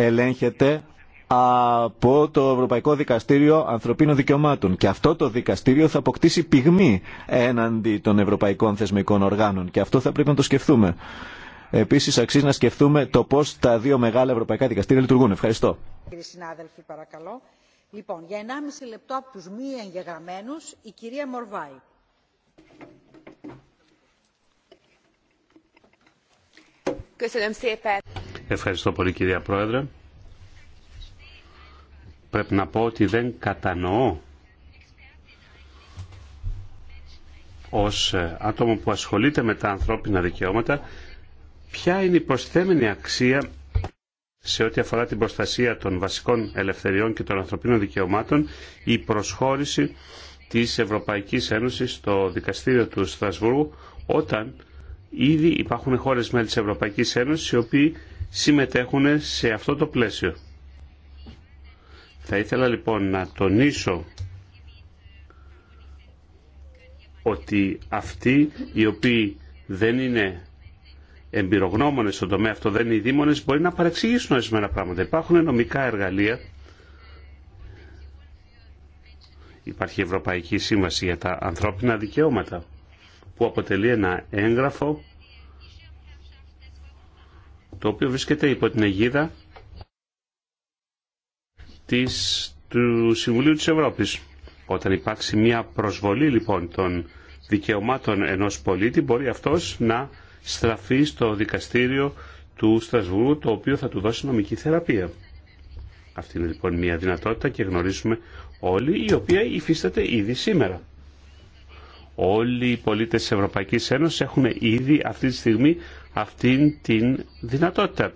ελέγχεται από το Ευρωπαϊκό Δικαστήριο Ανθρωπίνων Δικαιωμάτων. Και αυτό το δικαστήριο θα αποκτήσει πυγμή έναντι των ευρωπαϊκών θεσμικών οργάνων. Και αυτό θα πρέπει να το σκεφτούμε. Επίσης αξίζει να σκεφτούμε το πώς τα δύο μεγάλα ευρωπαϊκά δικαστήρια λειτουργούν. Ευχαριστώ. Κύριε συνάδελφοι, παρακαλώ. Λοιπόν, για 1,5 λεπτό από τους μη η κυρία Μορβάη. Ευχαριστώ πολύ κυρία Πρόεδρε. Πρέπει να πω ότι δεν κατανοώ ως ε, άτομο που ασχολείται με τα ανθρώπινα δικαιώματα ποια είναι η προσθέμενη αξία σε ό,τι αφορά την προστασία των βασικών ελευθεριών και των ανθρωπίνων δικαιωμάτων η προσχώρηση της Ευρωπαϊκής Ένωσης στο δικαστήριο του Στρασβούργου όταν ήδη υπάρχουν χώρες μέλη της Ευρωπαϊκής Ένωσης οι οποίοι συμμετέχουν σε αυτό το πλαίσιο. Θα ήθελα λοιπόν να τονίσω ότι αυτοί οι οποίοι δεν είναι εμπειρογνώμονες στον τομέα αυτό, δεν είναι οι δήμονες, μπορεί να παρεξηγήσουν ορισμένα πράγματα. Υπάρχουν νομικά εργαλεία. Υπάρχει η Ευρωπαϊκή Σύμβαση για τα ανθρώπινα δικαιώματα που αποτελεί ένα έγγραφο το οποίο βρίσκεται υπό την αιγίδα της, του Συμβουλίου της Ευρώπης. Όταν υπάρξει μια προσβολή λοιπόν των δικαιωμάτων ενός πολίτη μπορεί αυτός να στραφεί στο δικαστήριο του Στρασβούργου το οποίο θα του δώσει νομική θεραπεία. Αυτή είναι λοιπόν μια δυνατότητα και γνωρίζουμε όλοι η οποία υφίσταται ήδη σήμερα. Όλοι οι πολίτες της Ευρωπαϊκής Ένωσης έχουν ήδη αυτή τη στιγμή αυτήν την δυνατότητα.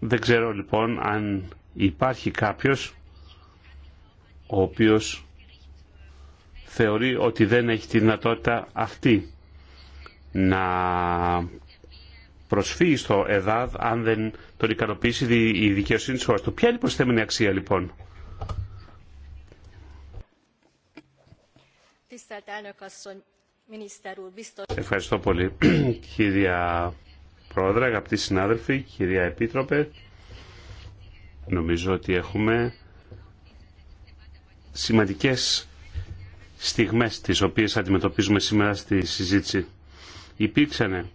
Δεν ξέρω λοιπόν αν υπάρχει κάποιος ο οποίος θεωρεί ότι δεν έχει τη δυνατότητα αυτή να προσφύγει στο ΕΔΑΔ αν δεν τον ικανοποιήσει η δικαιοσύνη της χώρας του. Ποια είναι η προσθέμενη αξία λοιπόν Ευχαριστώ πολύ, κυρία Πρόεδρε, αγαπητοί συνάδελφοι, κυρία Επίτροπε. Νομίζω ότι έχουμε σημαντικές στιγμές τις οποίες αντιμετωπίζουμε σήμερα στη συζήτηση. Υπήρξαν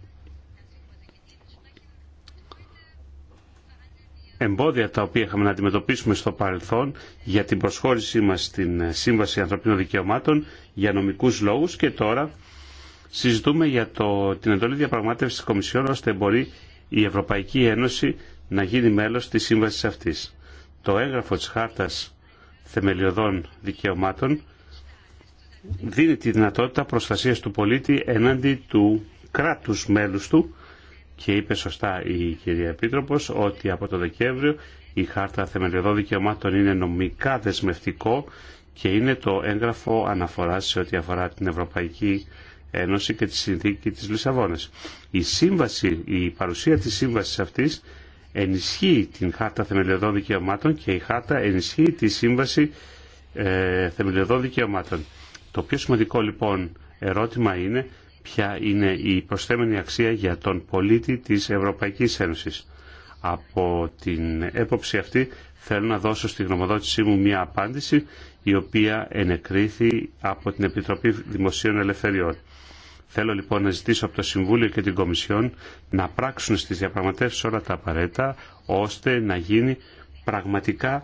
εμπόδια τα οποία είχαμε να αντιμετωπίσουμε στο παρελθόν για την προσχώρησή μας στην ε, Σύμβαση Ανθρωπίνων Δικαιωμάτων για νομικούς λόγους και τώρα συζητούμε για το, την εντολή διαπραγμάτευση της Κομισιόν ώστε μπορεί η Ευρωπαϊκή Ένωση να γίνει μέλος της σύμβασης αυτής. Το έγγραφο της Χάρτας Θεμελιωδών Δικαιωμάτων δίνει τη δυνατότητα προστασία του πολίτη έναντι του κράτους μέλους του και είπε σωστά η κυρία Επίτροπος ότι από το Δεκέμβριο η Χάρτα Θεμελιωδών Δικαιωμάτων είναι νομικά δεσμευτικό και είναι το έγγραφο αναφοράς σε ό,τι αφορά την Ευρωπαϊκή Ένωση και τη συνθήκη της Λισαβόνα. Η, σύμβαση, η παρουσία της σύμβασης αυτής ενισχύει την Χάρτα Θεμελιωδών Δικαιωμάτων και η Χάρτα ενισχύει τη Σύμβαση ε, Θεμελιωδών Δικαιωμάτων. Το πιο σημαντικό λοιπόν ερώτημα είναι ποια είναι η προσθέμενη αξία για τον πολίτη της Ευρωπαϊκής Ένωσης. Από την έποψη αυτή θέλω να δώσω στη γνωμοδότησή μου μια απάντηση η οποία ενεκρίθη από την Επιτροπή Δημοσίων Ελευθεριών. Θέλω λοιπόν να ζητήσω από το Συμβούλιο και την Κομισιόν να πράξουν στις διαπραγματεύσεις όλα τα απαραίτητα ώστε να γίνει πραγματικά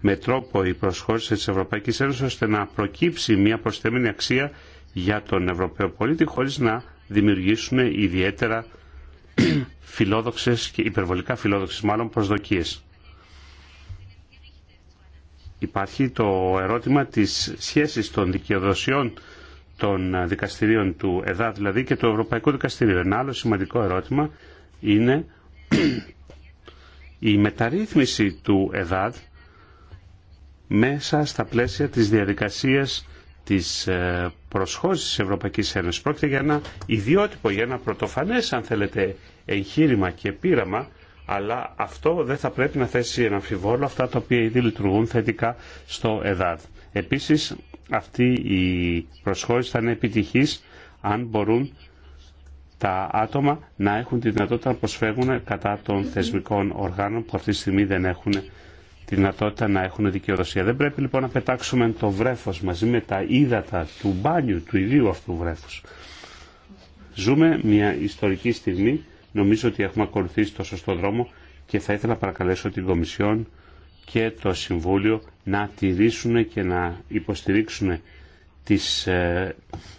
με τρόπο η προσχώρηση της Ευρωπαϊκής Ένωσης ώστε να προκύψει μια προσθέμενη αξία για τον Ευρωπαίο πολίτη χωρίς να δημιουργήσουμε ιδιαίτερα φιλόδοξες και υπερβολικά φιλόδοξες μάλλον προσδοκίες. Υπάρχει το ερώτημα της σχέσης των δικαιοδοσιών των δικαστηρίων του ΕΔΑ δηλαδή και του Ευρωπαϊκού Δικαστηρίου. Ένα άλλο σημαντικό ερώτημα είναι η μεταρρύθμιση του ΕΔΑΔ μέσα στα πλαίσια της διαδικασίας της ε, προσχώρησης της Ευρωπαϊκής Ένωσης. Πρόκειται για ένα ιδιότυπο, για ένα πρωτοφανές αν θέλετε εγχείρημα και πείραμα αλλά αυτό δεν θα πρέπει να θέσει ένα αμφιβόλο αυτά τα οποία ήδη λειτουργούν θετικά στο ΕΔΑΔ. Επίσης αυτή η προσχώρηση θα είναι επιτυχής αν μπορούν τα άτομα να έχουν τη δυνατότητα να προσφεύγουν κατά των θεσμικών οργάνων που αυτή τη στιγμή δεν έχουν τη δυνατότητα να έχουν δικαιοδοσία. Δεν πρέπει λοιπόν να πετάξουμε το βρέφο μαζί με τα ύδατα του μπάνιου, του ιδίου αυτού βρέφους. Ζούμε μια ιστορική στιγμή, νομίζω ότι έχουμε ακολουθήσει το σωστό δρόμο και θα ήθελα να παρακαλέσω την Κομισιόν και το Συμβούλιο να τηρήσουν και να υποστηρίξουν τις ε,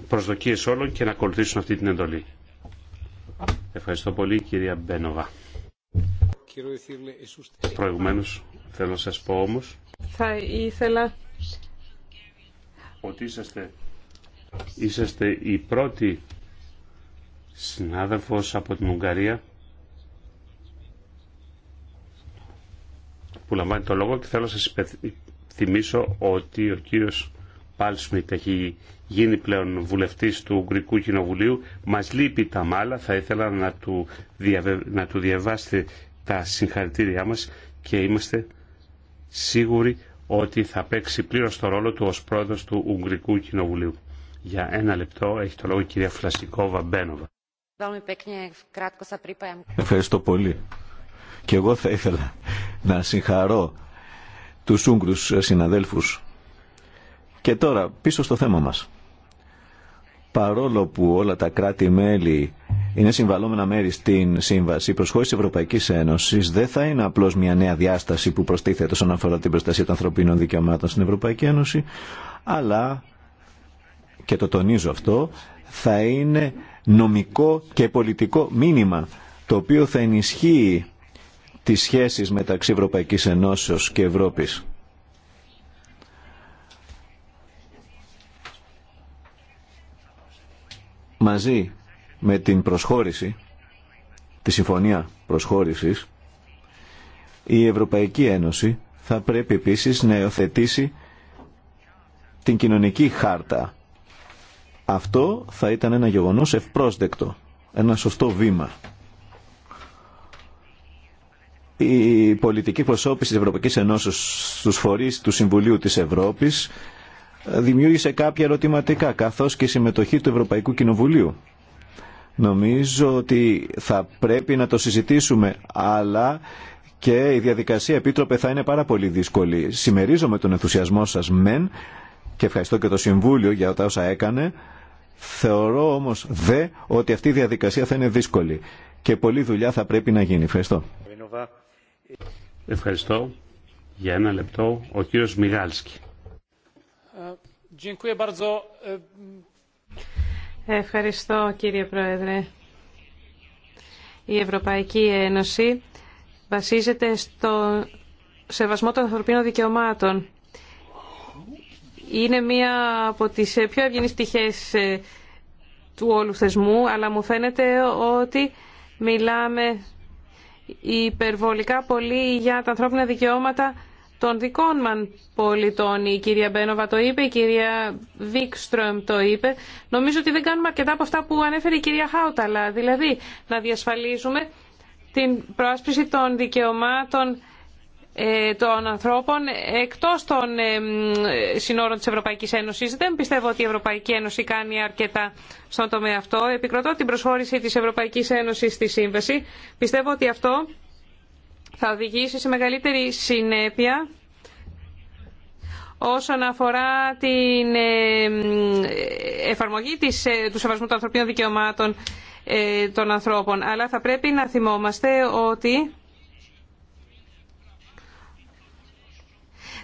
προσδοκίες όλων και να ακολουθήσουν αυτή την εντολή. Ευχαριστώ πολύ κυρία Μπένοβα. Θέλω να σας πω όμως... Θα ήθελα... Ότι είσαστε, είσαστε η πρώτη συνάδελφος από την Ουγγαρία που λαμβάνει το λόγο και θέλω να σας θυμίσω ότι ο κύριος Πάλσμιτ έχει γίνει πλέον βουλευτής του Ουγγρικού Κοινοβουλίου. Μας λείπει τα μάλα, θα ήθελα να του, διαβε... να διαβάσετε τα συγχαρητήριά μας και είμαστε σίγουροι ότι θα παίξει πλήρως το ρόλο του ως πρόεδρος του Ουγγρικού Κοινοβουλίου. Για ένα λεπτό έχει το λόγο η κυρία Φλασικόβα Μπένοβα. Ευχαριστώ πολύ. Και εγώ θα ήθελα να συγχαρώ τους Ούγγρους συναδέλφους. Και τώρα πίσω στο θέμα μας. Παρόλο που όλα τα κράτη-μέλη είναι συμβαλόμενα μέρη στην σύμβαση. Η προσχώρηση τη Ευρωπαϊκή Ένωση δεν θα είναι απλώ μια νέα διάσταση που προστίθεται όσον αφορά την προστασία των ανθρωπίνων δικαιωμάτων στην Ευρωπαϊκή Ένωση, αλλά και το τονίζω αυτό, θα είναι νομικό και πολιτικό μήνυμα το οποίο θα ενισχύει τις σχέσεις μεταξύ Ευρωπαϊκής Ενώσεως και Ευρώπης. Μαζί με την προσχώρηση, τη συμφωνία προσχώρησης, η Ευρωπαϊκή Ένωση θα πρέπει επίσης να υιοθετήσει την κοινωνική χάρτα. Αυτό θα ήταν ένα γεγονός ευπρόσδεκτο, ένα σωστό βήμα. Η πολιτική προσώπηση της Ευρωπαϊκής Ένωσης στους φορείς του Συμβουλίου της Ευρώπης δημιούργησε κάποια ερωτηματικά, καθώς και η συμμετοχή του Ευρωπαϊκού Κοινοβουλίου Νομίζω ότι θα πρέπει να το συζητήσουμε, αλλά και η διαδικασία, Επίτροπε, θα είναι πάρα πολύ δύσκολη. Συμμερίζομαι τον ενθουσιασμό σας, μεν, και ευχαριστώ και το Συμβούλιο για τα όσα έκανε. Θεωρώ όμως, δε, ότι αυτή η διαδικασία θα είναι δύσκολη και πολλή δουλειά θα πρέπει να γίνει. Ευχαριστώ. Ευχαριστώ. Για ένα λεπτό, ο κύριος Μιγάλσκι. Ε, Ευχαριστώ κύριε Πρόεδρε. Η Ευρωπαϊκή Ένωση βασίζεται στο σεβασμό των ανθρωπίνων δικαιωμάτων. Είναι μία από τις πιο ευγενείς πτυχές ε, του όλου θεσμού, αλλά μου φαίνεται ότι μιλάμε υπερβολικά πολύ για τα ανθρώπινα δικαιώματα των δικών μας πολιτών. Η κυρία Μπένοβα το είπε, η κυρία Βίκστρομ το είπε. Νομίζω ότι δεν κάνουμε αρκετά από αυτά που ανέφερε η κυρία Χάουταλα, δηλαδή να διασφαλίζουμε την προάσπιση των δικαιωμάτων ε, των ανθρώπων εκτός των ε, συνόρων της Ευρωπαϊκής Ένωσης. Δεν πιστεύω ότι η Ευρωπαϊκή Ένωση κάνει αρκετά στον τομέα αυτό. Επικροτώ την προσχώρηση της Ευρωπαϊκής Ένωσης στη Σύμβαση. Πιστεύω ότι αυτό θα οδηγήσει σε μεγαλύτερη συνέπεια όσον αφορά την ε, εφαρμογή της, ε, του σεβασμού των ανθρωπίνων δικαιωμάτων ε, των ανθρώπων. Αλλά θα πρέπει να θυμόμαστε ότι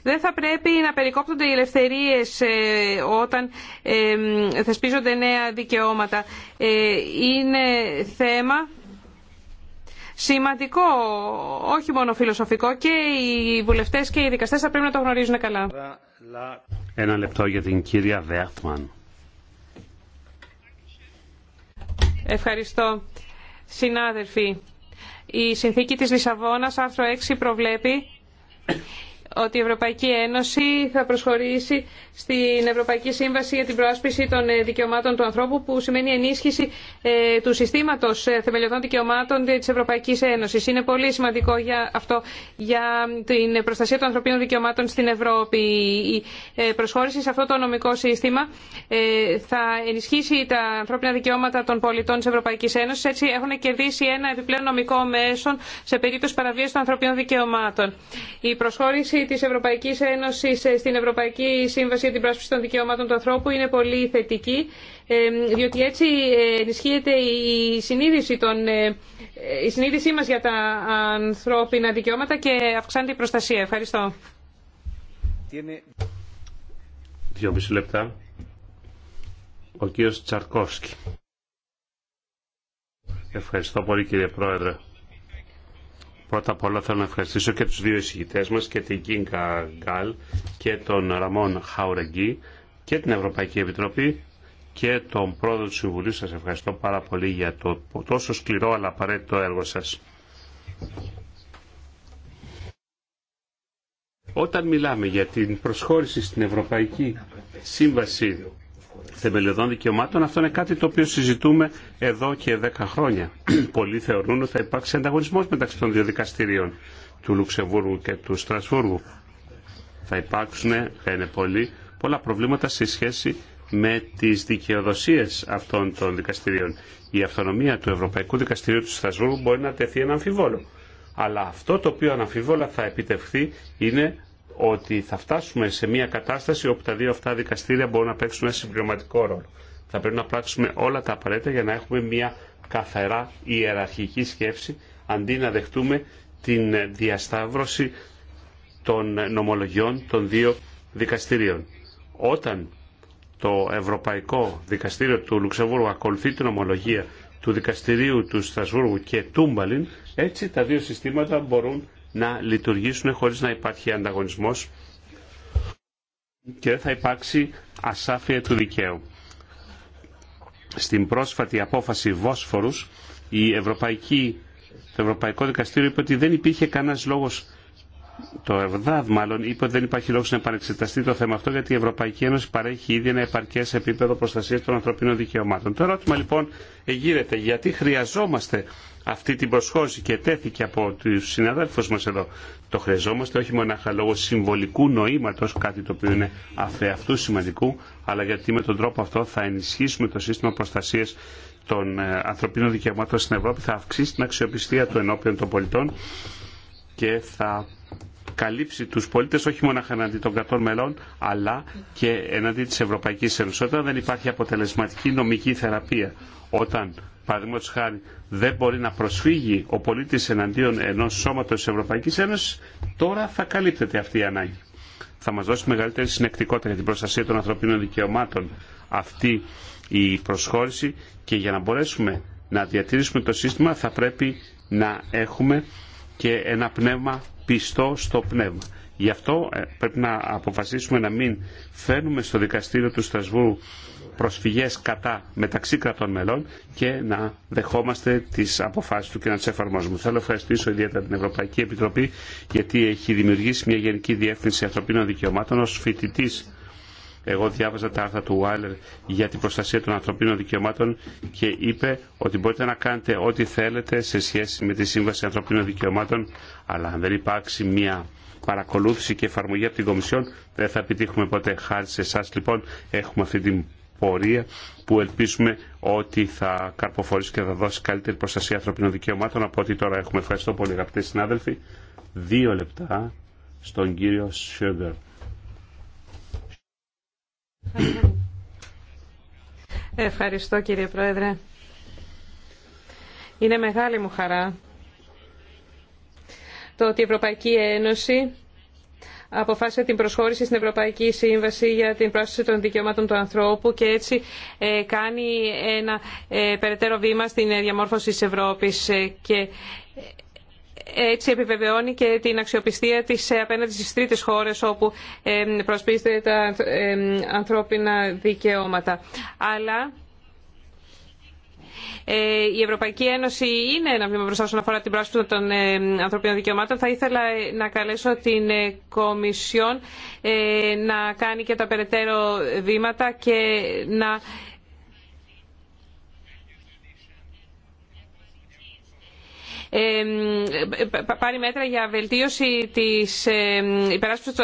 δεν θα πρέπει να περικόπτονται οι ελευθερίες όταν θεσπίζονται νέα δικαιώματα. Είναι θέμα σημαντικό, όχι μόνο φιλοσοφικό και οι βουλευτές και οι δικαστές θα πρέπει να το γνωρίζουν καλά. Ένα λεπτό για την κυρία Βέρθμαν. Ευχαριστώ. Συνάδελφοι, η συνθήκη της Λισαβόνας, άρθρο 6, προβλέπει ότι η Ευρωπαϊκή Ένωση θα προσχωρήσει στην Ευρωπαϊκή Σύμβαση για την Προάσπιση των ε, Δικαιωμάτων του Ανθρώπου, που σημαίνει ενίσχυση ε, του συστήματο ε, θεμελιωδών δικαιωμάτων τη Ευρωπαϊκή Ένωση. Είναι πολύ σημαντικό για αυτό για την προστασία των ανθρωπίνων δικαιωμάτων στην Ευρώπη. Η προσχώρηση σε αυτό το νομικό σύστημα θα ενισχύσει τα ανθρώπινα δικαιώματα των πολιτών τη Ευρωπαϊκή Ένωση. Έτσι, έχουν κερδίσει ένα επιπλέον νομικό μέσο σε περίπτωση παραβίαση των ανθρωπίνων δικαιωμάτων. Η προσχώρηση της Ευρωπαϊκής Ένωσης ε, στην Ευρωπαϊκή Σύμβαση για την Πράσπιση των Δικαιωμάτων του Ανθρώπου είναι πολύ θετική, ε, διότι έτσι ε, ενισχύεται η συνείδηση, των, η συνείδησή μας για τα ανθρώπινα δικαιώματα και αυξάνεται η προστασία. Ευχαριστώ. Δύο λεπτά. Ο κύριος Τσαρκόφσκι. Ευχαριστώ πολύ κύριε Πρόεδρε. Πρώτα απ' όλα θέλω να ευχαριστήσω και τους δύο εισηγητές μας και την Κίνκα Γκάλ και τον Ραμόν Χαουρεγγί και την Ευρωπαϊκή Επιτροπή και τον πρόεδρο του Συμβουλίου. Σας ευχαριστώ πάρα πολύ για το τόσο σκληρό αλλά απαραίτητο έργο σας. Όταν μιλάμε για την προσχώρηση στην Ευρωπαϊκή Σύμβαση θεμελιωδών δικαιωμάτων, αυτό είναι κάτι το οποίο συζητούμε εδώ και 10 χρόνια. Πολλοί θεωρούν ότι θα υπάρξει ανταγωνισμό μεταξύ των δύο δικαστηρίων του Λουξεμβούργου και του Στρασβούργου. Θα υπάρξουν, λένε πολλοί, πολλά προβλήματα σε σχέση με τι δικαιοδοσίε αυτών των δικαστηρίων. Η αυτονομία του Ευρωπαϊκού Δικαστηρίου του Στρασβούργου μπορεί να τεθεί ένα αμφιβόλο. Αλλά αυτό το οποίο αναμφιβόλα θα επιτευχθεί είναι ότι θα φτάσουμε σε μια κατάσταση όπου τα δύο αυτά δικαστήρια μπορούν να παίξουν ένα συμπληρωματικό ρόλο. Θα πρέπει να πράξουμε όλα τα απαραίτητα για να έχουμε μια καθαρά ιεραρχική σκέψη αντί να δεχτούμε την διασταύρωση των νομολογιών των δύο δικαστηρίων. Όταν το Ευρωπαϊκό Δικαστήριο του Λουξεμβούργου ακολουθεί την ομολογία του Δικαστηρίου του Στρασβούργου και Τούμπαλιν, έτσι τα δύο συστήματα μπορούν να λειτουργήσουν χωρίς να υπάρχει ανταγωνισμός και δεν θα υπάρξει ασάφεια του δικαίου. Στην πρόσφατη απόφαση Βόσφορους η Ευρωπαϊκή, το Ευρωπαϊκό Δικαστήριο είπε ότι δεν υπήρχε κανένας λόγος το ΕΒΔΑΔ μάλλον είπε ότι δεν υπάρχει λόγο να επανεξεταστεί το θέμα αυτό γιατί η Ευρωπαϊκή Ένωση παρέχει ήδη ένα επαρκέ επίπεδο προστασία των ανθρωπίνων δικαιωμάτων. Το ερώτημα λοιπόν εγείρεται γιατί χρειαζόμαστε αυτή την προσχώρηση και τέθηκε από του συναδέλφου μα εδώ. Το χρειαζόμαστε όχι μόνο λόγω συμβολικού νοήματο κάτι το οποίο είναι αφεαυτού σημαντικού, αλλά γιατί με τον τρόπο αυτό θα ενισχύσουμε το σύστημα προστασία των ε, ανθρωπίνων δικαιωμάτων στην Ευρώπη, θα αυξήσει την αξιοπιστία του ενώπιον των πολιτών και θα καλύψει τους πολίτες όχι μόνο εναντί των κρατών μελών αλλά και εναντί της Ευρωπαϊκή Ένωσης. Όταν δεν υπάρχει αποτελεσματική νομική θεραπεία, όταν παραδείγματος χάρη δεν μπορεί να προσφύγει ο πολίτης εναντίον ενός σώματος της Ευρωπαϊκής Ένωσης, τώρα θα καλύπτεται αυτή η ανάγκη. Θα μας δώσει μεγαλύτερη συνεκτικότητα για την προστασία των ανθρωπίνων δικαιωμάτων αυτή η προσχώρηση και για να μπορέσουμε να διατηρήσουμε το σύστημα θα πρέπει να έχουμε και ένα πνεύμα πιστό στο πνεύμα. Γι' αυτό ε, πρέπει να αποφασίσουμε να μην φέρνουμε στο δικαστήριο του Στασβού προσφυγές κατά μεταξύ κρατών μελών και να δεχόμαστε τις αποφάσεις του και να τις εφαρμόζουμε. Θέλω να ευχαριστήσω ιδιαίτερα την Ευρωπαϊκή Επιτροπή γιατί έχει δημιουργήσει μια Γενική Διεύθυνση Ανθρωπίνων Δικαιωμάτων ως φοιτητή εγώ διάβαζα τα άρθρα του Βάιλερ για την προστασία των ανθρωπίνων δικαιωμάτων και είπε ότι μπορείτε να κάνετε ό,τι θέλετε σε σχέση με τη Σύμβαση Ανθρωπίνων Δικαιωμάτων, αλλά αν δεν υπάρξει μια παρακολούθηση και εφαρμογή από την Κομισιόν, δεν θα επιτύχουμε ποτέ. Χάρη σε εσά λοιπόν έχουμε αυτή την πορεία που ελπίζουμε ότι θα καρποφορήσει και θα δώσει καλύτερη προστασία ανθρωπίνων δικαιωμάτων από ό,τι τώρα έχουμε. Ευχαριστώ πολύ αγαπητοί συνάδελφοι. Δύο λεπτά στον κύριο Σιόγκερ. Ευχαριστώ κύριε Πρόεδρε. Είναι μεγάλη μου χαρά το ότι η Ευρωπαϊκή Ένωση αποφάσισε την προσχώρηση στην Ευρωπαϊκή Σύμβαση για την πρόσθεση των δικαιωμάτων του ανθρώπου και έτσι ε, κάνει ένα ε, περαιτέρω βήμα στην διαμόρφωση της Ευρώπης. Ε, και έτσι επιβεβαιώνει και την αξιοπιστία της απέναντι στις τρίτες χώρες όπου προσπίζεται τα ανθρώπινα δικαιώματα. Αλλά ε, η Ευρωπαϊκή Ένωση είναι ένα βήμα μπροστά όσον αφορά την πράσινη των ανθρωπίνων δικαιωμάτων. Θα ήθελα ε, να καλέσω την ε, Κομισιόν να κάνει και τα περαιτέρω βήματα και να πάρει μέτρα για βελτίωση της υπεράσπισης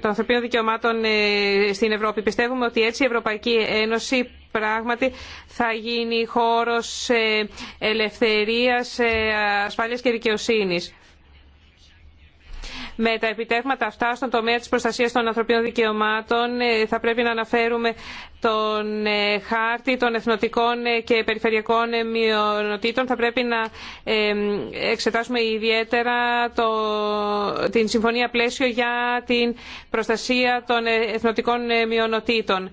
των ανθρωπίνων δικαιωμάτων ε, στην Ευρώπη. Πιστεύουμε ότι έτσι η Ευρωπαϊκή Ένωση πράγματι θα γίνει χώρος ε, ελευθερίας, ε, ασφάλειας και δικαιοσύνης με τα επιτεύγματα αυτά στον τομέα της προστασίας των ανθρωπίνων δικαιωμάτων. Ε, θα πρέπει να αναφέρουμε τον ε, χάρτη των εθνοτικών ε, και περιφερειακών μειονοτήτων. Θα πρέπει να εξετάσουμε ιδιαίτερα το, την Συμφωνία Πλαίσιο για την προστασία των εθνοτικών μειονοτήτων.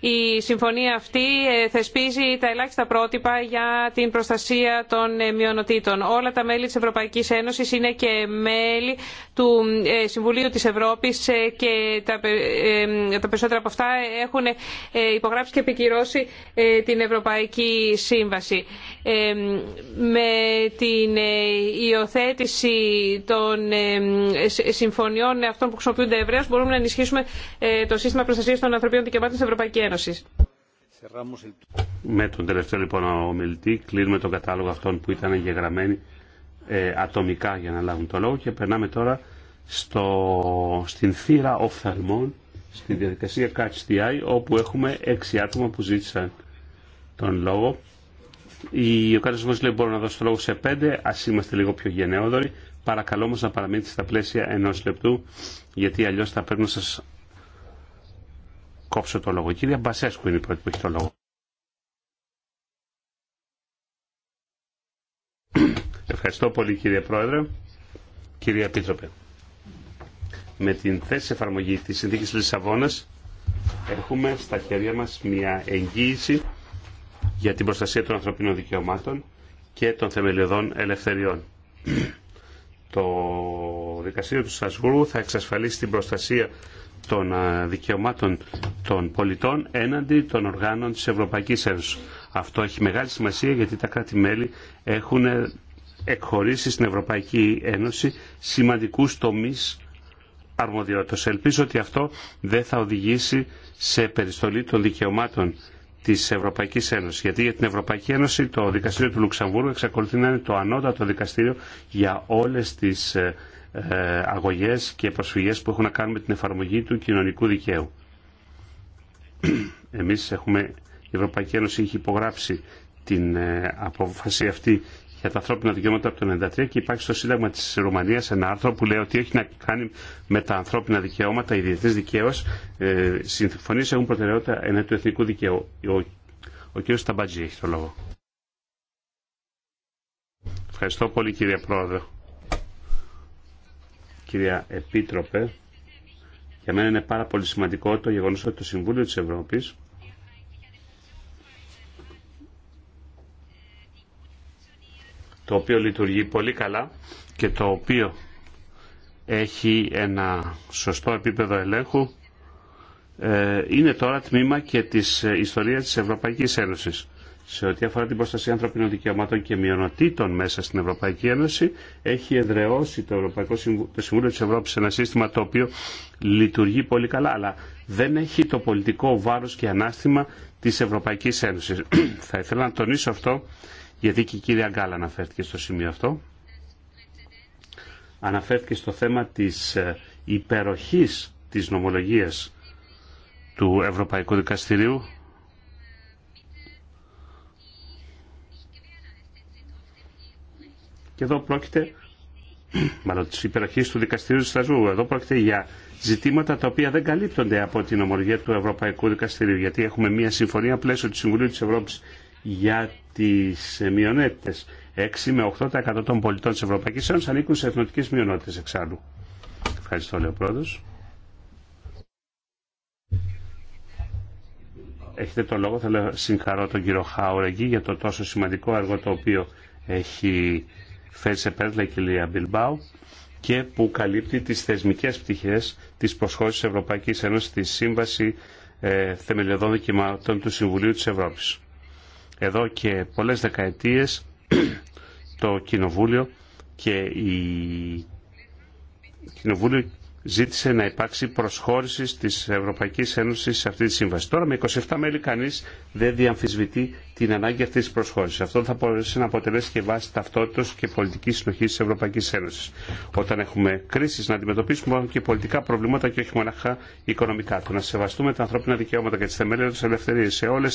Η συμφωνία αυτή ε, θεσπίζει τα ελάχιστα πρότυπα για την προστασία των ε, μειονοτήτων. Όλα τα μέλη της Ευρωπαϊκής Ένωσης είναι και μέλη του ε, Συμβουλίου της Ευρώπης και τα περισσότερα από αυτά έχουν υπογράψει και επικυρώσει την Ευρωπαϊκή Σύμβαση με την ε, υιοθέτηση των συμφωνιών αυτών που χρησιμοποιούνται ευρέω, μπορούμε να ενισχύσουμε ε, το σύστημα προστασία των ανθρωπίνων δικαιωμάτων στην ευρωπαϊκή Ένωση. Με τον τελευταίο λοιπόν ομιλητή κλείνουμε τον κατάλογο αυτών που ήταν εγγεγραμμένοι ε, ατομικά για να λάβουν το λόγο και περνάμε τώρα στο, στην θύρα οφθαλμών στη διαδικασία Catch the Eye όπου έχουμε έξι άτομα που ζήτησαν τον λόγο ο κανονισμό λέει μπορώ να δώσω το λόγο σε πέντε, α είμαστε λίγο πιο γενναιόδοροι. Παρακαλώ όμω να παραμείνετε στα πλαίσια ενό λεπτού, γιατί αλλιώ θα πρέπει να σα κόψω το λόγο. Η κυρία Μπασέσκου είναι η πρώτη που έχει το λόγο. Ευχαριστώ πολύ κύριε Πρόεδρε, Κύριε Επίτροπε. Με την θέση εφαρμογή της Συνθήκης Λισαβόνας έχουμε στα χέρια μας μια εγγύηση για την προστασία των ανθρωπίνων δικαιωμάτων και των θεμελιωδών ελευθεριών. Το Δικαστήριο του Σασβούρου θα εξασφαλίσει την προστασία των δικαιωμάτων των πολιτών έναντι των οργάνων της Ευρωπαϊκής Ένωσης. Αυτό έχει μεγάλη σημασία γιατί τα κράτη-μέλη έχουν ε, εκχωρήσει στην Ευρωπαϊκή Ένωση σημαντικούς τομείς αρμοδιότητας. Ελπίζω ότι αυτό δεν θα οδηγήσει σε περιστολή των δικαιωμάτων τη Ευρωπαϊκή Ένωση. Γιατί για την Ευρωπαϊκή Ένωση το δικαστήριο του Λουξεμβούργου εξακολουθεί να είναι το ανώτατο δικαστήριο για όλε τι ε, ε, αγωγέ και προσφυγέ που έχουν να κάνουν με την εφαρμογή του κοινωνικού δικαίου. Εμείς έχουμε, η Ευρωπαϊκή Ένωση έχει υπογράψει την ε, απόφαση αυτή για τα ανθρώπινα δικαιώματα από το 1993 και υπάρχει στο Σύνταγμα της Ρουμανίας ένα άρθρο που λέει ότι έχει να κάνει με τα ανθρώπινα δικαιώματα, οι διεθνείς δικαίω. ε, συμφωνίες έχουν προτεραιότητα εναντίον του εθνικού δικαίου. Ο, ο κ. Σταμπατζή έχει το λόγο. Ευχαριστώ πολύ κύριε Πρόεδρε. Κυρία Επίτροπε, για μένα είναι πάρα πολύ σημαντικό το γεγονός ότι το Συμβούλιο της Ευρώπης το οποίο λειτουργεί πολύ καλά και το οποίο έχει ένα σωστό επίπεδο ελέγχου ε, είναι τώρα τμήμα και της ε, ιστορίας της Ευρωπαϊκής Ένωσης. Σε ό,τι αφορά την προστασία ανθρωπίνων δικαιωμάτων και μειονοτήτων μέσα στην Ευρωπαϊκή Ένωση, έχει εδρεώσει το, Ευρωπαϊκό Συμβούλιο, το Συμβούλιο της Ευρώπης ένα σύστημα το οποίο λειτουργεί πολύ καλά, αλλά δεν έχει το πολιτικό βάρος και ανάστημα της Ευρωπαϊκής Ένωσης. Θα ήθελα να τονίσω αυτό γιατί και η κυρία Γκάλα αναφέρθηκε στο σημείο αυτό. Αναφέρθηκε στο θέμα της ε, υπεροχής της νομολογίας του Ευρωπαϊκού Δικαστηρίου και εδώ πρόκειται μάλλον τη υπεροχή του δικαστηρίου του Στρασβούργου. Εδώ πρόκειται για ζητήματα τα οποία δεν καλύπτονται από την νομολογία του Ευρωπαϊκού Δικαστηρίου, γιατί έχουμε μια συμφωνία πλαίσιο του Συμβουλίου της Ευρώπης για τις ε, μειονότητες. 6 με 8% των πολιτών της Ευρωπαϊκής Ένωσης ανήκουν σε εθνοτικές μειονότητες εξάλλου. Ευχαριστώ, λέει ο Έχετε το λόγο, θέλω συγχαρώ τον κύριο Χάουρεγγι για το τόσο σημαντικό έργο το οποίο έχει φέρει σε πέρα η κυρία Μπιλμπάου και που καλύπτει τις θεσμικές πτυχές της προσχώρηση της Ευρωπαϊκής Ένωσης στη Σύμβαση ε, Θεμελιωδών Δικαιωμάτων του Συμβουλίου της Ευρώπης. Εδώ και πολλές δεκαετίες το Κοινοβούλιο και η Κοινοβούλιο ζήτησε να υπάρξει προσχώρηση τη Ευρωπαϊκή Ένωση σε αυτή τη σύμβαση. Τώρα με 27 μέλη κανεί δεν διαμφισβητεί την ανάγκη αυτή τη προσχώρηση. Αυτό θα μπορέσει να αποτελέσει και βάση ταυτότητα και πολιτική συνοχή τη Ευρωπαϊκή Ένωση. Όταν έχουμε κρίσει να αντιμετωπίσουμε και πολιτικά προβλήματα και όχι μοναχά οικονομικά. Το να σεβαστούμε τα ανθρώπινα δικαιώματα και τις θεμελιώδεις ελευθερίε σε όλε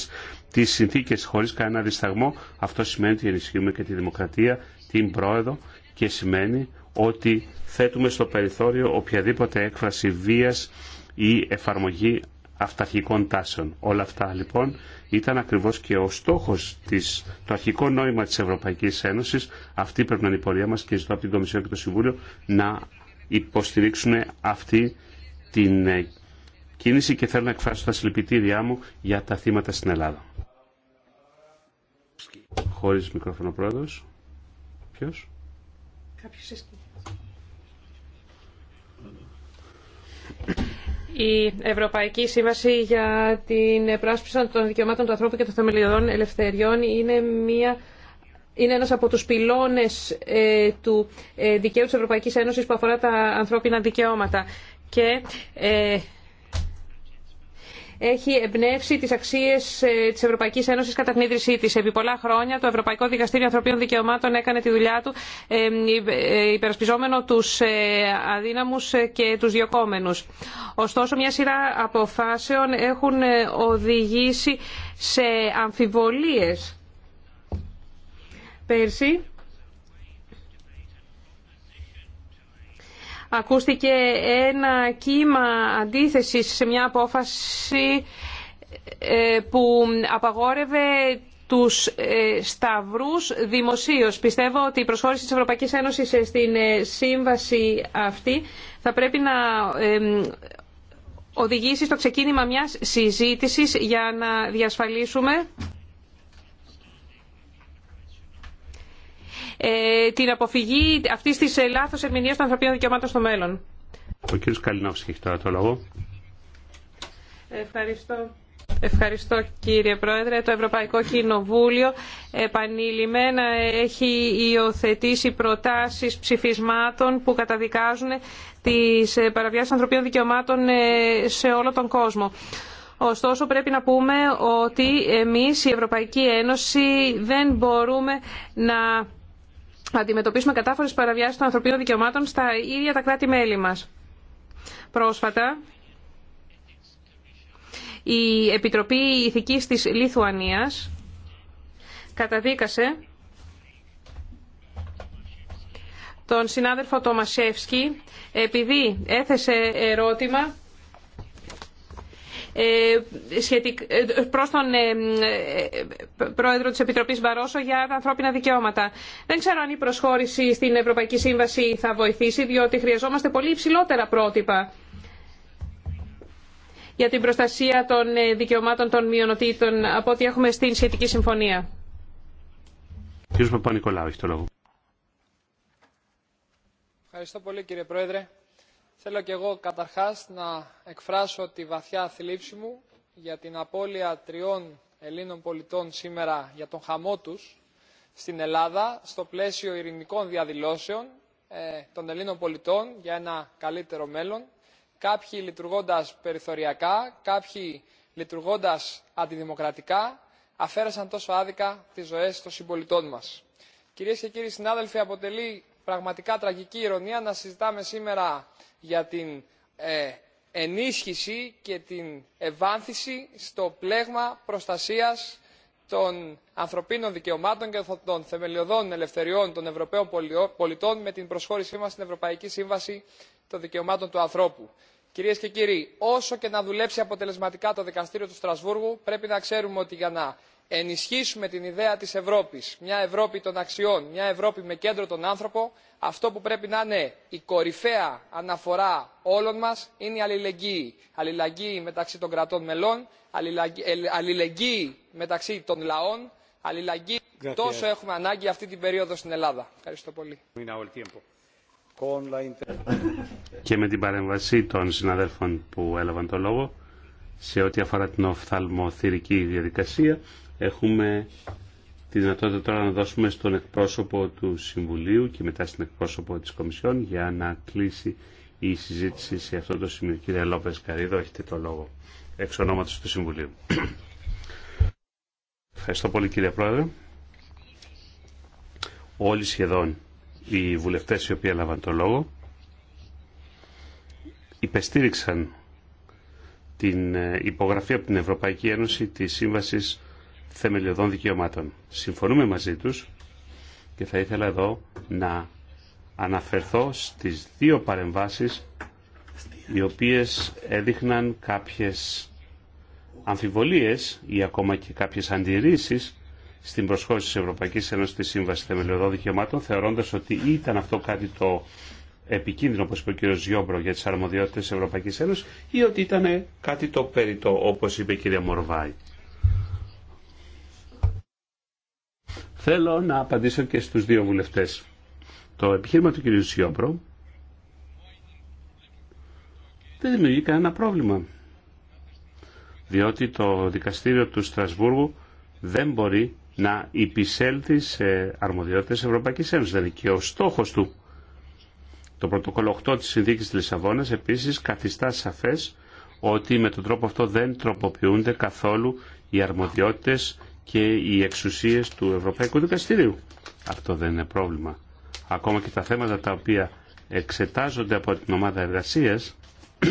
τι συνθήκε χωρί κανένα δισταγμό, αυτό σημαίνει ότι ενισχύουμε και τη δημοκρατία, την πρόεδρο και σημαίνει ότι θέτουμε στο περιθώριο οποιαδήποτε έκφραση βίας ή εφαρμογή αυταρχικών τάσεων. Όλα αυτά λοιπόν ήταν ακριβώς και ο στόχος, της, το αρχικό νόημα της Ευρωπαϊκής Ένωσης. Αυτή πρέπει να είναι η πορεία μας και ζητώ από την Κομισιόν και το Συμβούλιο να υποστηρίξουν αυτή την ε, κίνηση και θέλω να εκφράσω τα συλληπιτήριά μου για τα θύματα στην Ελλάδα. Χωρίς μικρόφωνο πρόεδρος. Ποιος? Κάποιος Η Ευρωπαϊκή Σύμβαση για την Πράσπιση των Δικαιωμάτων του Ανθρώπου και των Θεμελιωδών Ελευθεριών είναι μια είναι ένας από τους πυλώνες ε, του ε, δικαίου της Ευρωπαϊκής Ένωσης που αφορά τα ανθρώπινα δικαιώματα. Και ε, έχει εμπνεύσει τις αξίες ε, της Ευρωπαϊκής Ένωση κατά την ίδρυσή τη. Επί πολλά χρόνια το Ευρωπαϊκό Δικαστήριο Ανθρωπίνων Δικαιωμάτων έκανε τη δουλειά του ε, ε, υπερασπιζόμενο τους αδύναμους και τους διοκόμενους. Ωστόσο, μια σειρά αποφάσεων έχουν οδηγήσει σε αμφιβολίες. Πέρσι, ακούστηκε ένα κύμα αντίθεσης σε μια απόφαση ε, που απαγόρευε τους ε, σταυρούς δημοσίως. Πιστεύω ότι η προσχώρηση της Ευρωπαϊκής Ένωσης ε, στην σύμβαση αυτή θα πρέπει να οδηγήσει στο ξεκίνημα μιας συζήτησης για να διασφαλίσουμε Ε, την αποφυγή αυτή της ε, λάθο ερμηνείας των ανθρωπίνων δικαιωμάτων στο μέλλον. Ο κύριος Καλινόφσκι έχει τώρα το λόγο. Ευχαριστώ. Ευχαριστώ κύριε Πρόεδρε. Το Ευρωπαϊκό Κοινοβούλιο επανειλημμένα έχει υιοθετήσει προτάσεις ψηφισμάτων που καταδικάζουν τις ε, παραβιάσεις ανθρωπίνων δικαιωμάτων σε όλο τον κόσμο. Ωστόσο πρέπει να πούμε ότι εμείς η Ευρωπαϊκή Ένωση δεν μπορούμε να αντιμετωπίσουμε κατάφορες παραβιάσεις των ανθρωπίνων δικαιωμάτων στα ίδια τα κράτη-μέλη μας. Πρόσφατα, η Επιτροπή Ηθικής της Λιθουανίας καταδίκασε τον συνάδελφο Τομασέφσκι επειδή έθεσε ερώτημα ε, ε, προς τον ε, πρόεδρο της Επιτροπής Μπαρόσο για τα ανθρώπινα δικαιώματα. Δεν ξέρω αν η προσχώρηση στην Ευρωπαϊκή Σύμβαση θα βοηθήσει, διότι χρειαζόμαστε πολύ υψηλότερα πρότυπα για την προστασία των δικαιωμάτων των μειονοτήτων από ό,τι έχουμε στην σχετική λόγο. Ευχαριστώ πολύ κύριε Πρόεδρε Θέλω και εγώ καταρχάς να εκφράσω τη βαθιά θλίψη μου για την απώλεια τριών Ελλήνων πολιτών σήμερα για τον χαμό τους στην Ελλάδα στο πλαίσιο ειρηνικών διαδηλώσεων ε, των Ελλήνων πολιτών για ένα καλύτερο μέλλον. Κάποιοι λειτουργώντας περιθωριακά, κάποιοι λειτουργώντας αντιδημοκρατικά, αφαίρεσαν τόσο άδικα τις ζωές των συμπολιτών μας. Κυρίες και κύριοι συνάδελφοι, αποτελεί πραγματικά τραγική ηρωνία να συζητάμε σήμερα για την ε, ενίσχυση και την ευάνθηση στο πλέγμα προστασίας των ανθρωπίνων δικαιωμάτων και των θεμελιωδών ελευθεριών των Ευρωπαίων πολιτών με την προσχώρησή μας στην Ευρωπαϊκή Σύμβαση των Δικαιωμάτων του Ανθρώπου. Κυρίε και κύριοι, όσο και να δουλέψει αποτελεσματικά το Δικαστήριο του Στρασβούργου, πρέπει να ξέρουμε ότι για να ενισχύσουμε την ιδέα της Ευρώπης, μια Ευρώπη των αξιών, μια Ευρώπη με κέντρο τον άνθρωπο, αυτό που πρέπει να είναι η κορυφαία αναφορά όλων μας είναι η αλληλεγγύη. Αλληλεγγύη μεταξύ των κρατών μελών, αλληλεγγύη ε, μεταξύ των λαών, αλληλεγγύη τόσο έχουμε ανάγκη αυτή την περίοδο στην Ελλάδα. Ευχαριστώ πολύ. Και με την παρέμβαση των συναδέλφων που έλαβαν το λόγο σε ό,τι αφορά την οφθαλμοθυρική διαδικασία Έχουμε τη δυνατότητα τώρα να δώσουμε στον εκπρόσωπο του Συμβουλίου και μετά στην εκπρόσωπο της Κομισιόν για να κλείσει η συζήτηση σε αυτό το σημείο. Κύριε Λόπες Καρίδο, έχετε το λόγο εξ ονόματος του Συμβουλίου. Ευχαριστώ πολύ κύριε Πρόεδρε. Όλοι σχεδόν οι βουλευτές οι οποίοι έλαβαν το λόγο υπεστήριξαν την ε, υπογραφή από την Ευρωπαϊκή Ένωση της Σύμβασης θεμελιωδών δικαιωμάτων. Συμφωνούμε μαζί τους και θα ήθελα εδώ να αναφερθώ στις δύο παρεμβάσεις οι οποίες έδειχναν κάποιες αμφιβολίες ή ακόμα και κάποιες αντιρρήσεις στην προσχώρηση της Ευρωπαϊκής Ένωσης στη Σύμβαση Θεμελιωδών Δικαιωμάτων θεωρώντας ότι ήταν αυτό κάτι το επικίνδυνο, όπως είπε ο κ. Ζιόμπρο, για τις αρμοδιότητες της Ευρωπαϊκής Ένωσης ή ότι ήταν κάτι το περιττό, όπως είπε η οτι ηταν κατι το πέριτο, οπως ειπε η κ. μορβαη Θέλω να απαντήσω και στους δύο βουλευτές. Το επιχείρημα του κ. Σιόπρο δεν δημιουργεί κανένα πρόβλημα. Διότι το δικαστήριο του Στρασβούργου δεν μπορεί να υπησέλθει σε αρμοδιότητες Ευρωπαϊκής Ένωσης. Δηλαδή και ο στόχος του. Το πρωτοκόλλο 8 της Συνδίκης της Λισαβόνας επίσης καθιστά σαφές ότι με τον τρόπο αυτό δεν τροποποιούνται καθόλου οι αρμοδιότητες και οι εξουσίες του Ευρωπαϊκού Δικαστηρίου. Αυτό δεν είναι πρόβλημα. Ακόμα και τα θέματα τα οποία εξετάζονται από την ομάδα εργασίας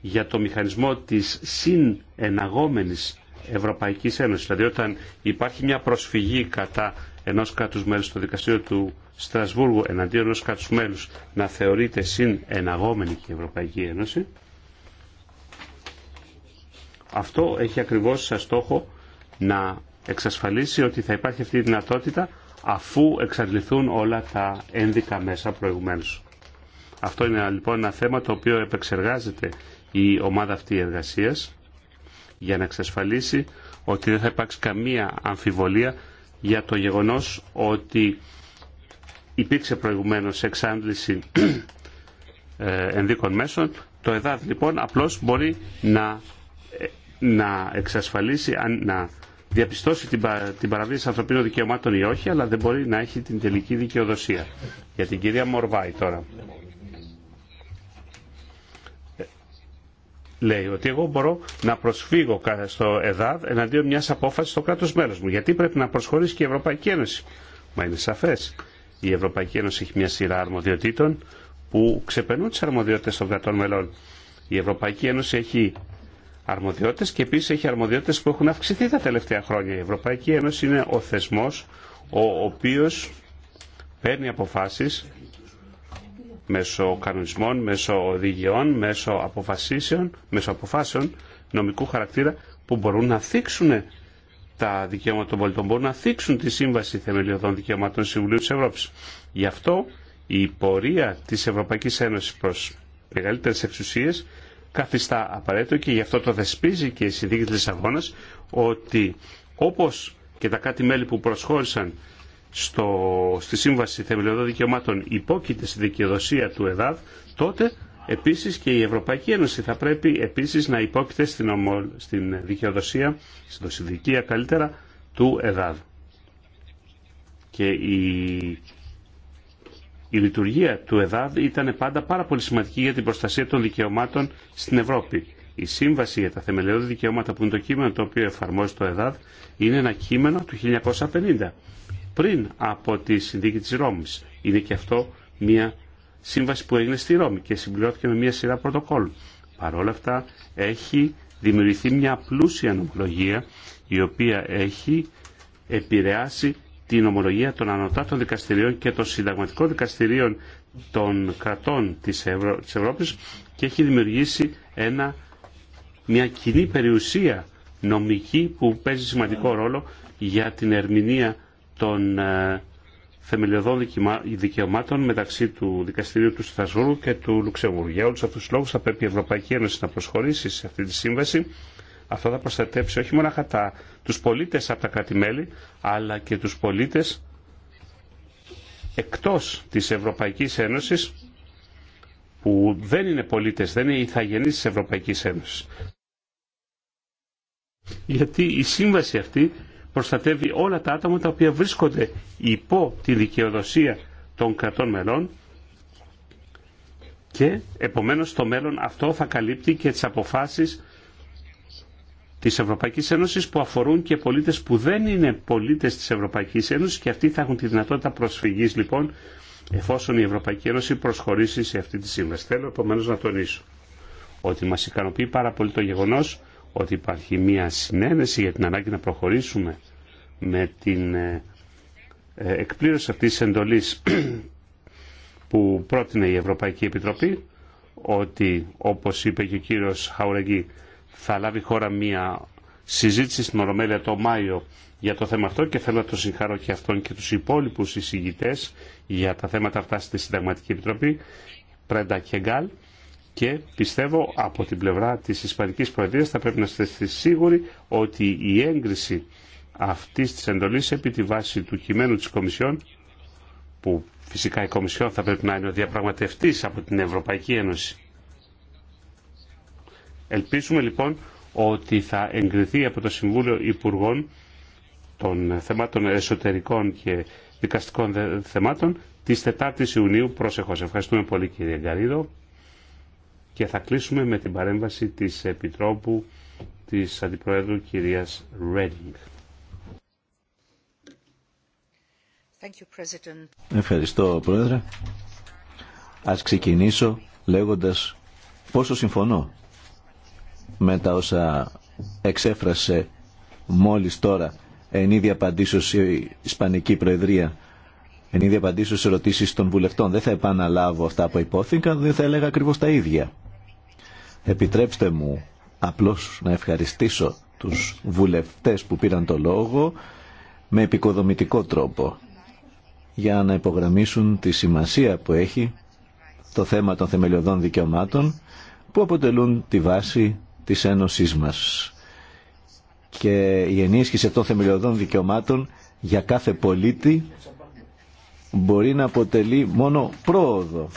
για το μηχανισμό της συνεναγόμενης Ευρωπαϊκής Ένωσης. Δηλαδή όταν υπάρχει μια προσφυγή κατά ενός κράτους μέλους στο δικαστήριο του Στρασβούργου εναντίον ενός κράτους μέλους να θεωρείται συνεναγόμενη και η Ευρωπαϊκή Ένωση αυτό έχει ακριβώς σαν στόχο να εξασφαλίσει ότι θα υπάρχει αυτή η δυνατότητα αφού εξαντληθούν όλα τα ένδικα μέσα προηγουμένως. Αυτό είναι λοιπόν ένα θέμα το οποίο επεξεργάζεται η ομάδα αυτή εργασίας για να εξασφαλίσει ότι δεν θα υπάρξει καμία αμφιβολία για το γεγονός ότι υπήρξε προηγουμένως εξάντληση ε, ενδίκων μέσων. Το ΕΔΑΔ λοιπόν απλώς μπορεί να ε, να εξασφαλίσει, να διαπιστώσει την, πα, την παραβίαση ανθρωπίνων δικαιωμάτων ή όχι, αλλά δεν μπορεί να έχει την τελική δικαιοδοσία. Για την κυρία Μορβάη τώρα. Ε, λέει ότι εγώ μπορώ να προσφύγω στο ΕΔΑΔ εναντίον μια απόφαση στο κράτο μέλο μου. Γιατί πρέπει να προσχωρήσει και η Ευρωπαϊκή Ένωση. Μα είναι σαφέ. Η Ευρωπαϊκή Ένωση έχει μια σειρά αρμοδιοτήτων που ξεπερνούν τι αρμοδιότητε των κρατών μελών. Η Ευρωπαϊκή Ένωση έχει αρμοδιότητες και επίσης έχει αρμοδιότητες που έχουν αυξηθεί τα τελευταία χρόνια. Η Ευρωπαϊκή Ένωση είναι ο θεσμός ο οποίος παίρνει αποφάσεις μέσω κανονισμών, μέσω οδηγιών, μέσω αποφασίσεων, μέσω αποφάσεων νομικού χαρακτήρα που μπορούν να θίξουν τα δικαιώματα των πολιτών, μπορούν να θίξουν τη Σύμβαση Θεμελιωδών Δικαιωμάτων Συμβουλίου της Ευρώπης. Γι' αυτό η πορεία της Ευρωπαϊκής Ένωσης προς μεγαλύτερες εξουσίες καθιστά απαραίτητο και γι' αυτό το δεσπίζει και η Συνδίκη της Λισαβόνας ότι όπως και τα κάτι μέλη που προσχώρησαν στο, στη Σύμβαση Θεμελιωδών Δικαιωμάτων υπόκειται στη δικαιοδοσία του ΕΔΑΔ, τότε επίσης και η Ευρωπαϊκή Ένωση θα πρέπει επίσης να υπόκειται στην, ομο, στην δικαιοδοσία, στην δοσυνδικία καλύτερα, του ΕΔΑΔ. Και η η λειτουργία του ΕΔΑΔ ήταν πάντα πάρα πολύ σημαντική για την προστασία των δικαιωμάτων στην Ευρώπη. Η Σύμβαση για τα Θεμελιώδη Δικαιώματα που είναι το κείμενο το οποίο εφαρμόζει το ΕΔΑΔ είναι ένα κείμενο του 1950 πριν από τη Συνδίκη της Ρώμης. Είναι και αυτό μια σύμβαση που έγινε στη Ρώμη και συμπληρώθηκε με μια σειρά πρωτοκόλλου. Παρ' όλα αυτά έχει δημιουργηθεί μια πλούσια νομολογία η οποία έχει επηρεάσει την ομολογία των ανωτάτων δικαστηρίων και των συνταγματικών δικαστηρίων των κρατών της, Ευρω... της Ευρώπης και έχει δημιουργήσει ένα, μια κοινή περιουσία νομική που παίζει σημαντικό ρόλο για την ερμηνεία των ε, θεμελιωδών δικαιωμάτων μεταξύ του Δικαστηρίου του Στρασβούργου και του Λουξεμβούργου. Για όλου αυτού του λόγου θα πρέπει η Ευρωπαϊκή Ένωση να προσχωρήσει σε αυτή τη σύμβαση αυτό θα προστατεύσει όχι μόνο κατά τους πολίτες από τα κράτη-μέλη, αλλά και τους πολίτες εκτός της Ευρωπαϊκής Ένωσης, που δεν είναι πολίτες, δεν είναι ηθαγενείς της Ευρωπαϊκής Ένωσης. Γιατί η σύμβαση αυτή προστατεύει όλα τα άτομα τα οποία βρίσκονται υπό τη δικαιοδοσία των κρατών μελών και επομένως το μέλλον αυτό θα καλύπτει και τις αποφάσεις της Ευρωπαϊκής Ένωσης που αφορούν και πολίτες που δεν είναι πολίτες της Ευρωπαϊκής Ένωσης και αυτοί θα έχουν τη δυνατότητα προσφυγής λοιπόν εφόσον η Ευρωπαϊκή Ένωση προσχωρήσει σε αυτή τη σύμβαση. Θέλω επομένω να τονίσω ότι μας ικανοποιεί πάρα πολύ το γεγονός ότι υπάρχει μια συνένεση για την ανάγκη να προχωρήσουμε με την ε, ε, εκπλήρωση αυτής της εντολής που πρότεινε η Ευρωπαϊκή Επιτροπή ότι όπως είπε και ο κύριος Χαουρεγγί θα λάβει χώρα μια συζήτηση στην Ορομέλεια το Μάιο για το θέμα αυτό και θέλω να το συγχαρώ και αυτόν και τους υπόλοιπους εισηγητές για τα θέματα αυτά στη Συνταγματική Επιτροπή, Πρέντα και Γκάλ και πιστεύω από την πλευρά της Ισπανικής Προεδρίας θα πρέπει να είστε σίγουροι ότι η έγκριση αυτής της εντολής επί τη βάση του κειμένου της Κομισιόν που φυσικά η Κομισιόν θα πρέπει να είναι ο διαπραγματευτής από την Ευρωπαϊκή Ένωση Ελπίζουμε λοιπόν ότι θα εγκριθεί από το Συμβούλιο Υπουργών των θεμάτων εσωτερικών και δικαστικών θεμάτων της 4ης Ιουνίου προσεχώς. Ευχαριστούμε πολύ κύριε Γκαρίδο και θα κλείσουμε με την παρέμβαση της Επιτρόπου της Αντιπροέδρου κυρίας Ρέντινγκ. Ευχαριστώ Πρόεδρε. Ας ξεκινήσω λέγοντας πόσο συμφωνώ με τα όσα εξέφρασε μόλις τώρα εν ίδια απαντήσεως η Ισπανική Προεδρία εν ίδια απαντήσω ερωτήσεις των βουλευτών. Δεν θα επαναλάβω αυτά που υπόθηκαν, δεν θα έλεγα ακριβώς τα ίδια. Επιτρέψτε μου απλώς να ευχαριστήσω τους βουλευτές που πήραν το λόγο με επικοδομητικό τρόπο για να υπογραμμίσουν τη σημασία που έχει το θέμα των θεμελιωδών δικαιωμάτων που αποτελούν τη βάση της Ένωσής μας και η ενίσχυση των θεμελιωδών δικαιωμάτων για κάθε πολίτη μπορεί να αποτελεί μόνο πρόοδο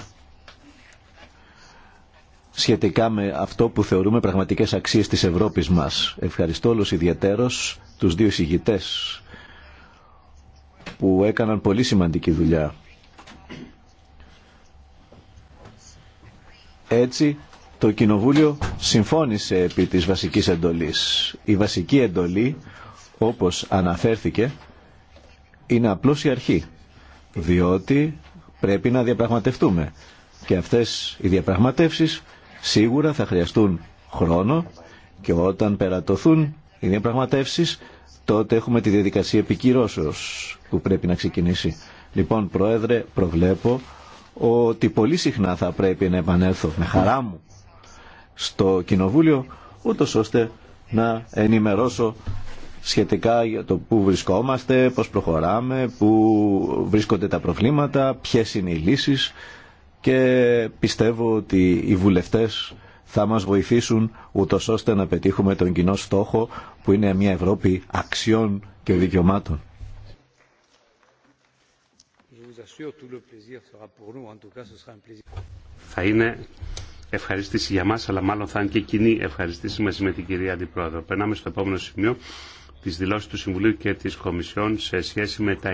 σχετικά με αυτό που θεωρούμε πραγματικές αξίες της Ευρώπης μας. Ευχαριστώ όλους ιδιαίτερος τους δύο συγητές που έκαναν πολύ σημαντική δουλειά. Έτσι το Κοινοβούλιο συμφώνησε επί της βασικής εντολής. Η βασική εντολή, όπως αναφέρθηκε, είναι απλώς η αρχή, διότι πρέπει να διαπραγματευτούμε. Και αυτές οι διαπραγματεύσεις σίγουρα θα χρειαστούν χρόνο και όταν περατωθούν οι διαπραγματεύσεις τότε έχουμε τη διαδικασία επικυρώσεως που πρέπει να ξεκινήσει. Λοιπόν, Πρόεδρε, προβλέπω ότι πολύ συχνά θα πρέπει να επανέλθω με χαρά μου στο Κοινοβούλιο, ούτω ώστε να ενημερώσω σχετικά για το πού βρισκόμαστε, πώς προχωράμε, πού βρίσκονται τα προβλήματα, ποιες είναι οι λύσεις και πιστεύω ότι οι βουλευτές θα μας βοηθήσουν ούτως ώστε να πετύχουμε τον κοινό στόχο που είναι μια Ευρώπη αξιών και δικαιωμάτων. Θα είναι ευχαρίστηση για μας, αλλά μάλλον θα είναι και κοινή ευχαριστήση μαζί με την κυρία Αντιπρόεδρο. Περνάμε στο επόμενο σημείο, της δηλώσης του Συμβουλίου και της Κομισιόν σε σχέση με τα